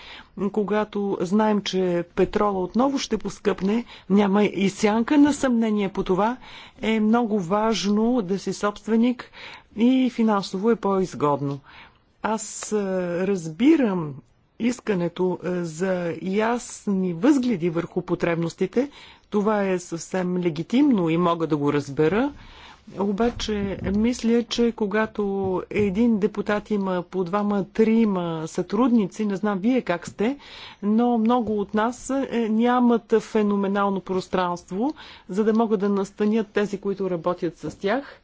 когато знаем, че петрола отново ще поскъпне, няма и сянка на съмнение по това, е много важно да си собственик и финансово е по-изгодно. Аз разбирам искането е, за ясни възгледи върху потребностите, това е съвсем легитимно и мога да го разбера. Обаче, мисля, че когато един депутат има по двама, трима сътрудници, не знам вие как сте, но много от нас е, нямат феноменално пространство, за да могат да настанят тези, които работят с тях.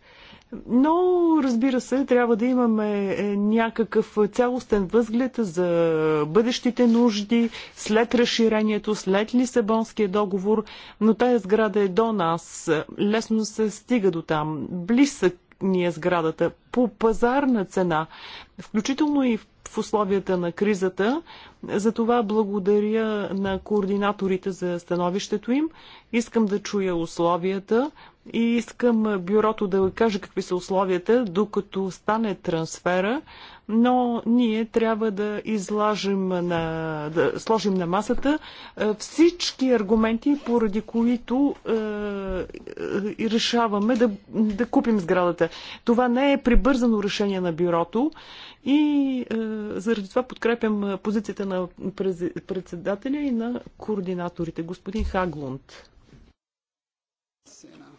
Но, разбира се, трябва да имаме е, някакъв цялостен възглед за бъдещите нужди след разширението, след Лисабонския договор, но тая сграда е до нас. Лесно се стига до там. Близък ни е сградата по пазарна цена, включително и в условията на кризата. За това благодаря на координаторите за становището им. Искам да чуя условията, и искам бюрото да каже какви са условията, докато стане трансфера, но ние трябва да излажем на, да сложим на масата е, всички аргументи, поради които е, е, решаваме да, да купим сградата. Това не е прибързано решение на бюрото и е, заради това подкрепям позицията на председателя и на координаторите, господин Хаглунд. Сена.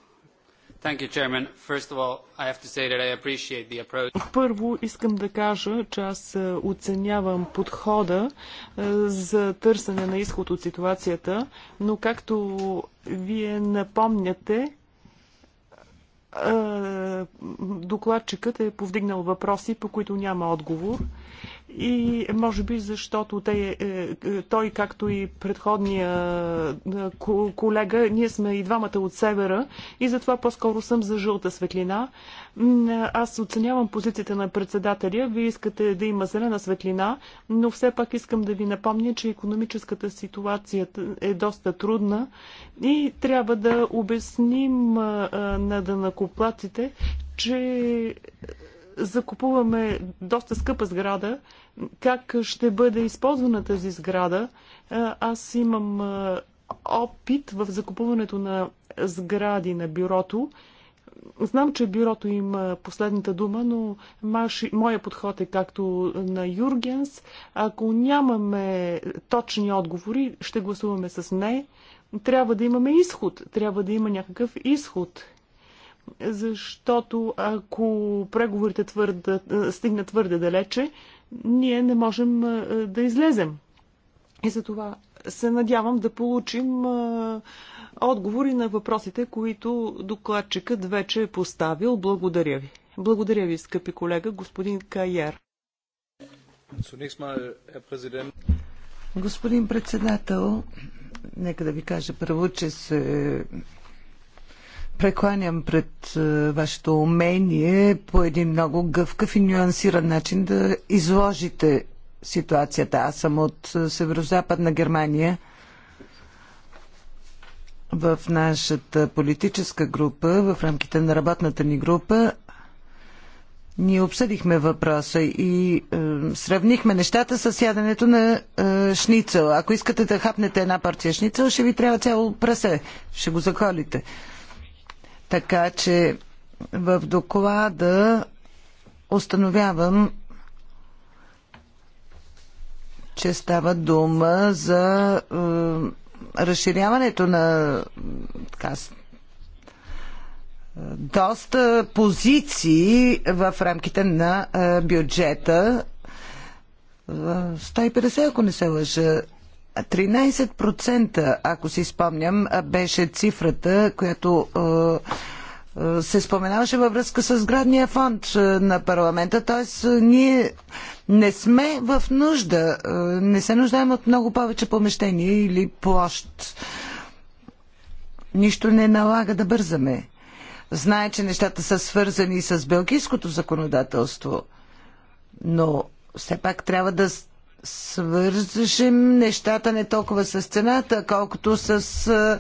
Първо искам да кажа, че аз е, оценявам подхода е, за търсене на изход от ситуацията, но както вие напомняте, е, докладчикът е повдигнал въпроси, по които няма отговор. И може би защото те, е, е, той, както и предходния е, колега, ние сме и двамата от севера и затова по-скоро съм за жълта светлина. Аз оценявам позицията на председателя. Вие искате да има зелена светлина, но все пак искам да ви напомня, че економическата ситуация е доста трудна и трябва да обясним на дънакоплаците, че закупуваме доста скъпа сграда. Как ще бъде използвана тази сграда? Аз имам опит в закупуването на сгради на бюрото. Знам, че бюрото има последната дума, но моя подход е както на Юргенс. Ако нямаме точни отговори, ще гласуваме с не. Трябва да имаме изход. Трябва да има някакъв изход защото ако преговорите твърда, е, стигнат твърде далече, ние не можем е, да излезем. И за това се надявам да получим е, отговори на въпросите, които докладчикът вече е поставил. Благодаря ви. Благодаря ви, скъпи колега, господин Кайер. Господин председател, нека да ви кажа първо, че се прекланям пред е, вашето умение по един много гъвкав и нюансиран начин да изложите ситуацията. Аз съм от е, северо-западна Германия. В нашата политическа група, в рамките на работната ни група, ние обсъдихме въпроса и е, сравнихме нещата с яденето на е, шницел. Ако искате да хапнете една партия шницел, ще ви трябва цяло прасе. Ще го заколите. Така че в доклада установявам, че става дума за е, разширяването на така, е, доста позиции в рамките на е, бюджета. 150, е, ако не се лъжа, 13%, ако си спомням, беше цифрата, която се споменаваше във връзка с градния фонд на парламента. Т.е. ние не сме в нужда, не се нуждаем от много повече помещения или площ. Нищо не налага да бързаме. Знае, че нещата са свързани с белгийското законодателство, но все пак трябва да свързашем нещата не толкова с цената, колкото с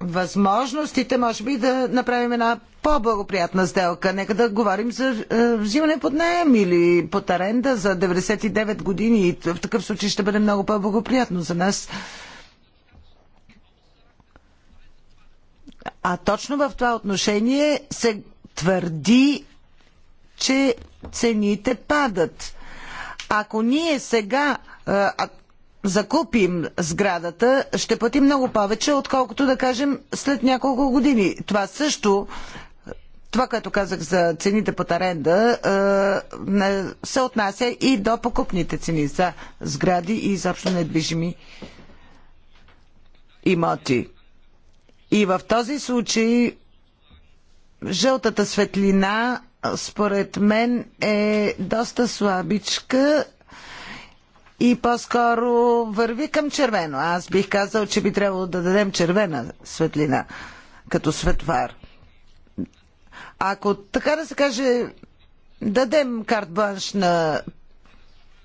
възможностите, може би да направим една по-благоприятна сделка. Нека да говорим за а, взимане под найем или под аренда за 99 години. И в такъв случай ще бъде много по-благоприятно за нас. А точно в това отношение се твърди, че цените падат. Ако ние сега а, закупим сградата, ще платим много повече, отколкото да кажем след няколко години. Това също това, което казах за цените под аренда, се отнася и до покупните цени за сгради и изобщо недвижими имоти. И в този случай жълтата светлина според мен е доста слабичка и по-скоро върви към червено. Аз бих казал, че би трябвало да дадем червена светлина като светвар. Ако така да се каже, дадем карт бланш на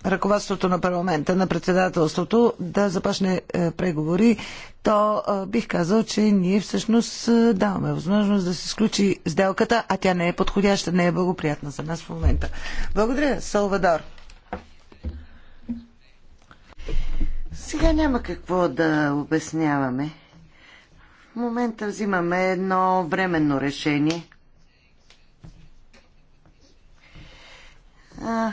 ръководството на парламента, на председателството да започне е, преговори, то е, бих казал, че ние всъщност е, даваме възможност да се сключи сделката, а тя не е подходяща, не е благоприятна за нас в момента. Благодаря, Салвадор. Сега няма какво да обясняваме. В момента взимаме едно временно решение. А,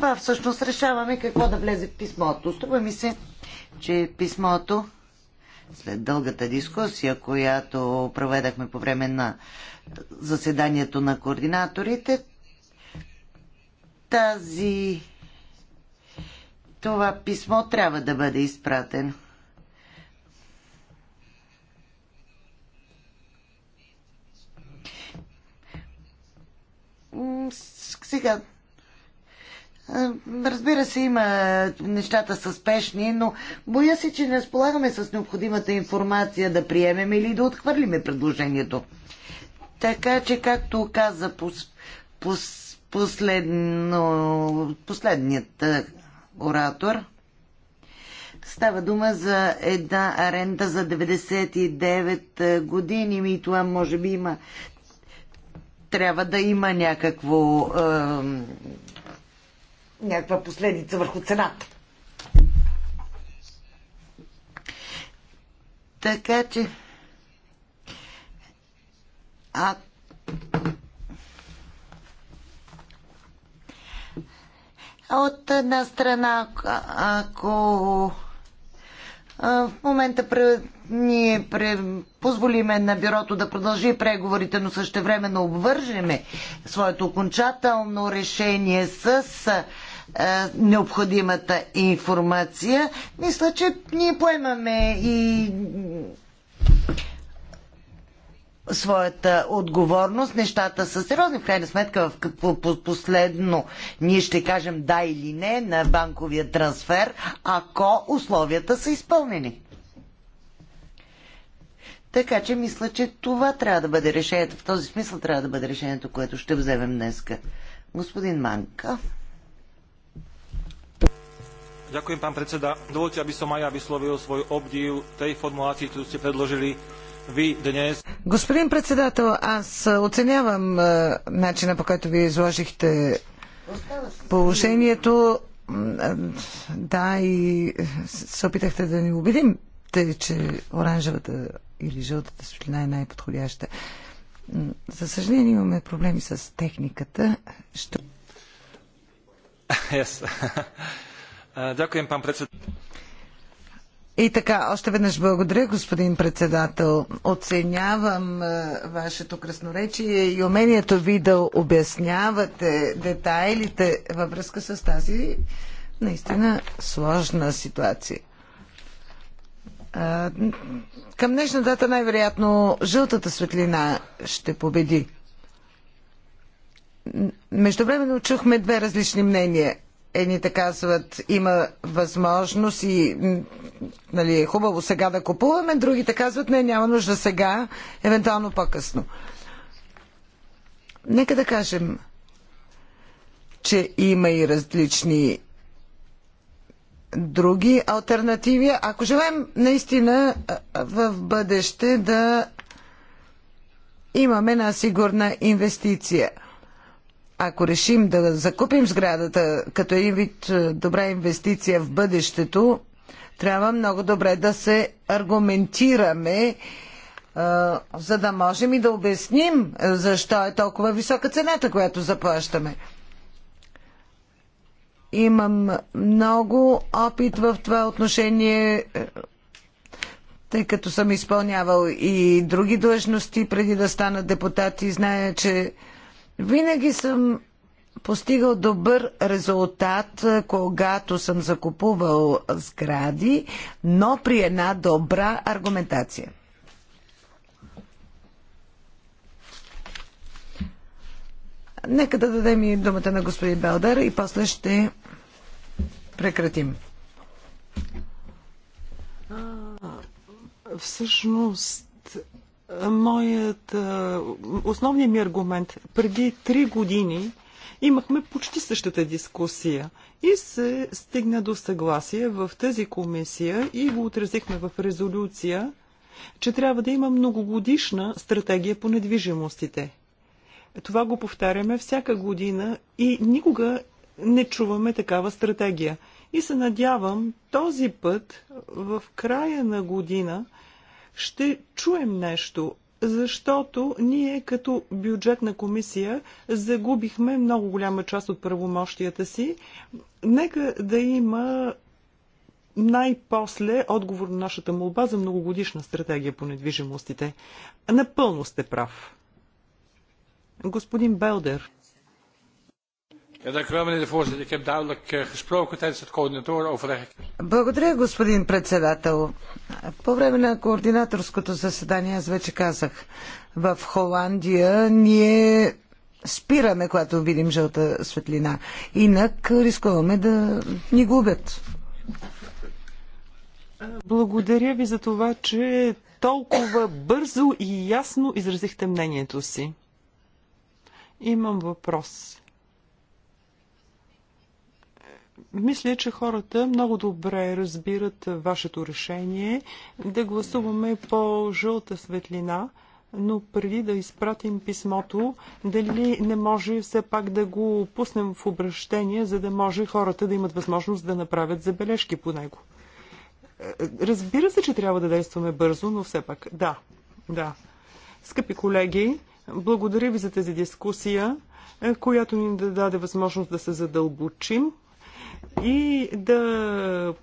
това всъщност решаваме какво да влезе в писмото. Струва ми се, че писмото след дългата дискусия, която проведахме по време на заседанието на координаторите, тази това писмо трябва да бъде изпратено. Сега е, разбира се, има нещата са спешни, но боя се, че не разполагаме с необходимата информация да приемем или да отхвърлиме предложението. Така че, както каза пос, пос, последно, последният е, оратор, Става дума за една аренда за 99 е, години и това може би има трябва да има някакво е, някаква последица върху цената. Така че. А. От една страна, ако в момента пр... ние пр... позволиме на бюрото да продължи преговорите, но също обвържеме своето окончателно решение с е, необходимата информация. Мисля, че ние поемаме и своята отговорност. Нещата са сериозни. В крайна сметка, в какво последно ние ще кажем да или не на банковия трансфер, ако условията са изпълнени. Така че мисля, че това трябва да бъде решението. В този смисъл трябва да бъде решението, което ще вземем днеска. Господин Манка. Ďakujem, pán predseda. Dovolte, aby som aj ja vyslovil svoj obdiv tej формулации, ktorú ste predložili ви днес. Господин председател, аз оценявам е, начина по който вие изложихте положението. Е, да, и се опитахте да ни убедим, тъй, че оранжевата или жълтата светлина е най-подходяща. За съжаление, имаме проблеми с техниката. Ще... (laughs) Yes. И така, още веднъж благодаря, господин председател. Оценявам вашето красноречие и умението ви да обяснявате детайлите във връзка с тази наистина сложна ситуация. Към днешна дата най-вероятно жълтата светлина ще победи. Междувременно чухме две различни мнения – едните казват има възможност и нали, е хубаво сега да купуваме, другите казват не, няма нужда сега, евентуално по-късно. Нека да кажем, че има и различни други альтернативи. Ако желаем наистина в бъдеще да имаме една сигурна инвестиция – ако решим да закупим сградата като един вид е, добра инвестиция в бъдещето, трябва много добре да се аргументираме, е, за да можем и да обясним е, защо е толкова висока цената, която заплащаме. Имам много опит в това отношение, тъй като съм изпълнявал и други длъжности преди да стана депутат и зная, че винаги съм постигал добър резултат, е, когато съм закупувал сгради, но при една добра аргументация. Нека да дадем и думата на господин Белдар и после ще прекратим. Всъщност Моят основният ми аргумент преди три години имахме почти същата дискусия и се стигна до съгласие в тази комисия и го отразихме в резолюция, че трябва да има многогодишна стратегия по недвижимостите. Това го повтаряме всяка година и никога не чуваме такава стратегия. И се надявам този път в края на година ще чуем нещо, защото ние като бюджетна комисия загубихме много голяма част от правомощията си. Нека да има най-после отговор на нашата молба за многогодишна стратегия по недвижимостите. Напълно сте прав. Господин Белдер. Eh, Благодаря, господин председател. По време на координаторското заседание, аз вече казах, в Холандия ние спираме, когато видим жълта светлина. Инак рискуваме да ни губят. Благодаря ви за това, че толкова бързо и ясно изразихте мнението си. Имам въпрос. Мисля, че хората много добре разбират вашето решение да гласуваме по жълта светлина, но преди да изпратим писмото, дали не може все пак да го пуснем в обращение, за да може хората да имат възможност да направят забележки по него. Разбира се, че трябва да действаме бързо, но все пак да. Да. Скъпи колеги, благодаря ви за тази дискусия, която ни даде възможност да се задълбочим и да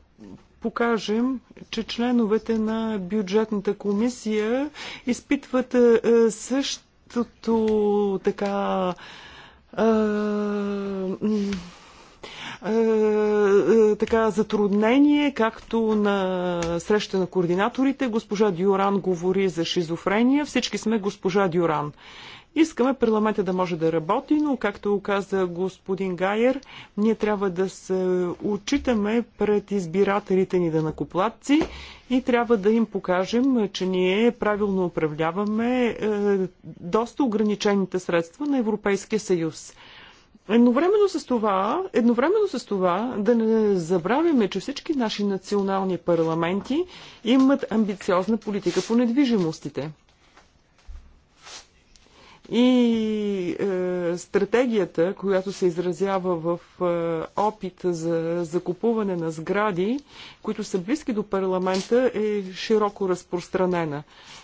покажем, че членовете на бюджетната комисия изпитват е, е, същото така е, така затруднение, както на среща на координаторите. Госпожа Дюран говори за шизофрения. Всички сме госпожа Дюран. Искаме парламента да може да работи, но, както каза господин Гайер, ние трябва да се отчитаме пред избирателите ни да накоплатци и трябва да им покажем, че ние правилно управляваме е, доста ограничените средства на Европейския съюз. Едновременно с това, едновременно с това да не забравяме, че всички наши национални парламенти имат амбициозна политика по недвижимостите. И е, стратегията, която се изразява в е, опит за закупуване на сгради, които са близки до парламента, е широко разпространена.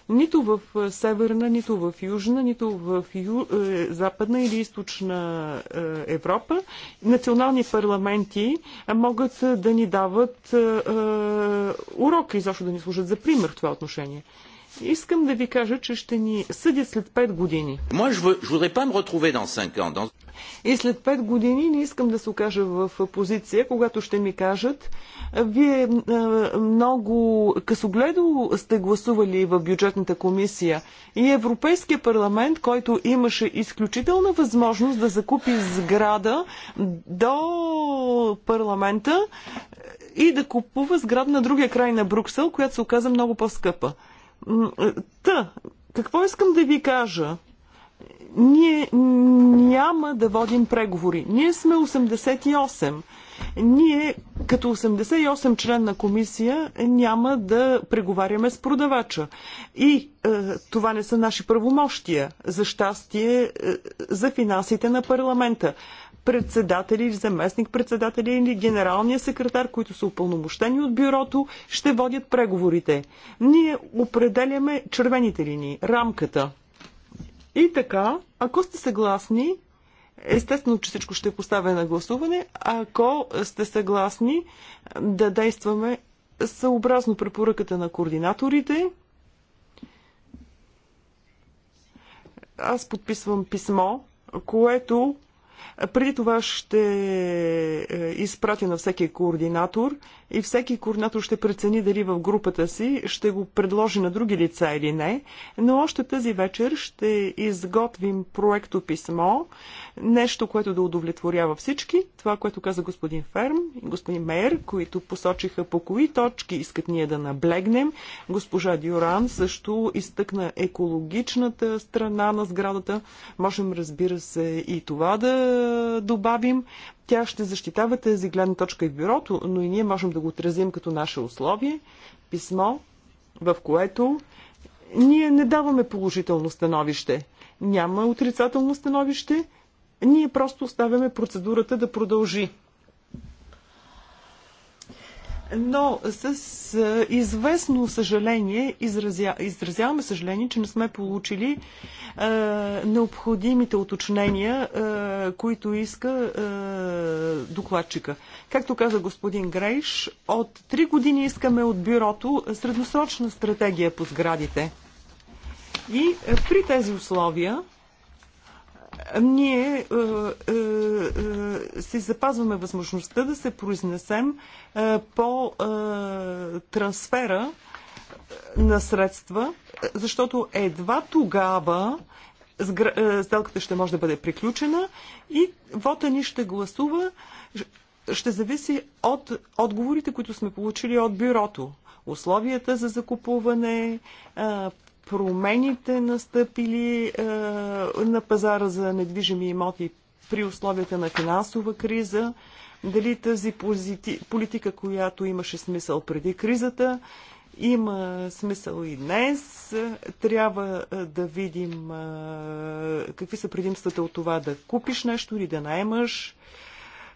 Нито в е, северна, нито в южна, нито в ю, е, западна или източна е, Европа национални парламенти е, могат е, да ни дават е, урок и защо да ни служат за пример в това отношение. Искам да ви кажа, че ще ни съдят след 5 години. Moi, je voudrais pas me retrouver dans 5 ans. Dans... И след 5 години не искам да се окажа в позиция, когато ще ми кажат, вие много късогледо сте гласували в бюджетната комисия и Европейския парламент, който имаше изключителна възможност да закупи сграда до парламента и да купува сграда на другия край на Бруксел, която се оказа много по-скъпа. Е, та, какво искам да ви кажа? Ние няма да водим преговори. Ние сме 88. Ние, като 88 член на комисия, няма да преговаряме с продавача. И е, това не са наши правомощия. За щастие, е, за финансите на парламента председатели или заместник-председатели или генералния секретар, които са упълномощени от бюрото, ще водят преговорите. Ние определяме червените линии, рамката. И така, ако сте съгласни, Естествено, че всичко ще е поставя на гласуване. Ако сте съгласни да действаме съобразно препоръката на координаторите, аз подписвам писмо, което преди това ще е, изпратя на всеки координатор и всеки координатор ще прецени дали в групата си ще го предложи на други лица или не, но още тази вечер ще изготвим проекто писмо, нещо, което да удовлетворява всички. Това, което каза господин Ферм и господин Мейер, които посочиха по кои точки искат ние да наблегнем. Госпожа Дюран също изтъкна екологичната страна на сградата. Можем, разбира се, и това да да добавим. Тя ще защитава тази гледна точка и в бюрото, но и ние можем да го отразим като наше условие. Писмо, в което ние не даваме положително становище. Няма отрицателно становище. Ние просто оставяме процедурата да продължи но с известно съжаление изразя, изразяваме съжаление, че не сме получили а, необходимите уточнения, а, които иска а, докладчика. Както каза господин Грейш, от три години искаме от бюрото средносрочна стратегия по сградите. И при тези условия ние е, е, е, си запазваме възможността да се произнесем по трансфера на средства, защото едва тогава сделката ще може да бъде приключена и вота ни ще гласува, ще зависи от отговорите, които сме получили от бюрото условията за закупуване, промените настъпили е, на пазара за недвижими имоти при условията на финансова криза, дали тази позити... политика, която имаше смисъл преди кризата, има смисъл и днес. Трябва е, да видим е, какви са предимствата от това да купиш нещо или да наемаш.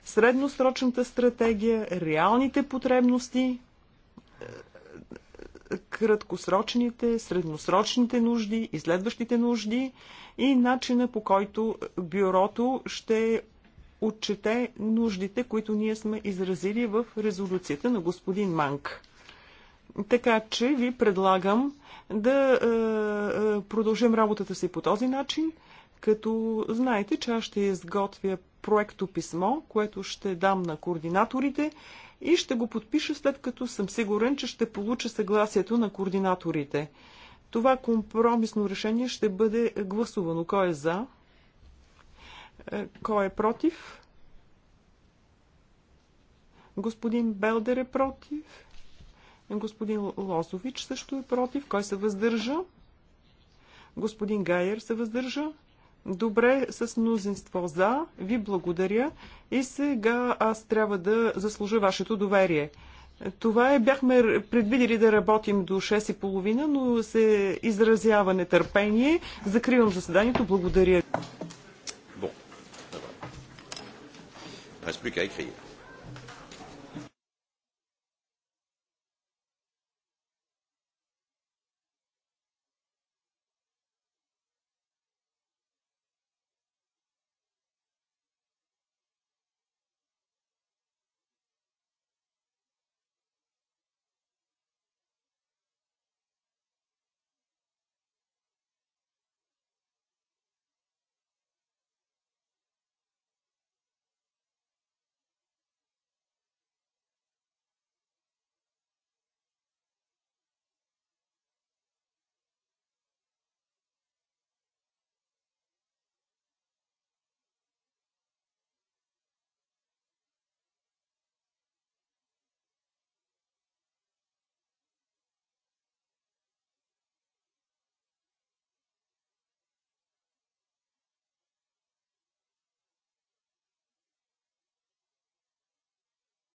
Средносрочната стратегия, реалните потребности, е, краткосрочните, средносрочните нужди и следващите нужди и начина по който бюрото ще отчете нуждите, които ние сме изразили в резолюцията на господин Манк. Така че ви предлагам да е, е продължим работата си по този начин, като знаете, че аз ще изготвя проекто писмо, което ще дам на координаторите и ще го подпиша след като съм сигурен, че ще получа съгласието на координаторите. Това компромисно решение ще бъде гласувано. Кой е за? Е, кой е против? Господин Белдер е против. Господин Лозович също е против. Кой се въздържа? Господин Гайер се въздържа. Добре, с мнозинство за. Ви благодаря. И сега аз трябва да заслужа вашето доверие. Това е, бяхме предвидели да работим до 6.30, но се изразява нетърпение. Закривам заседанието. Благодаря. Bon, Reste plus qu'à écrire.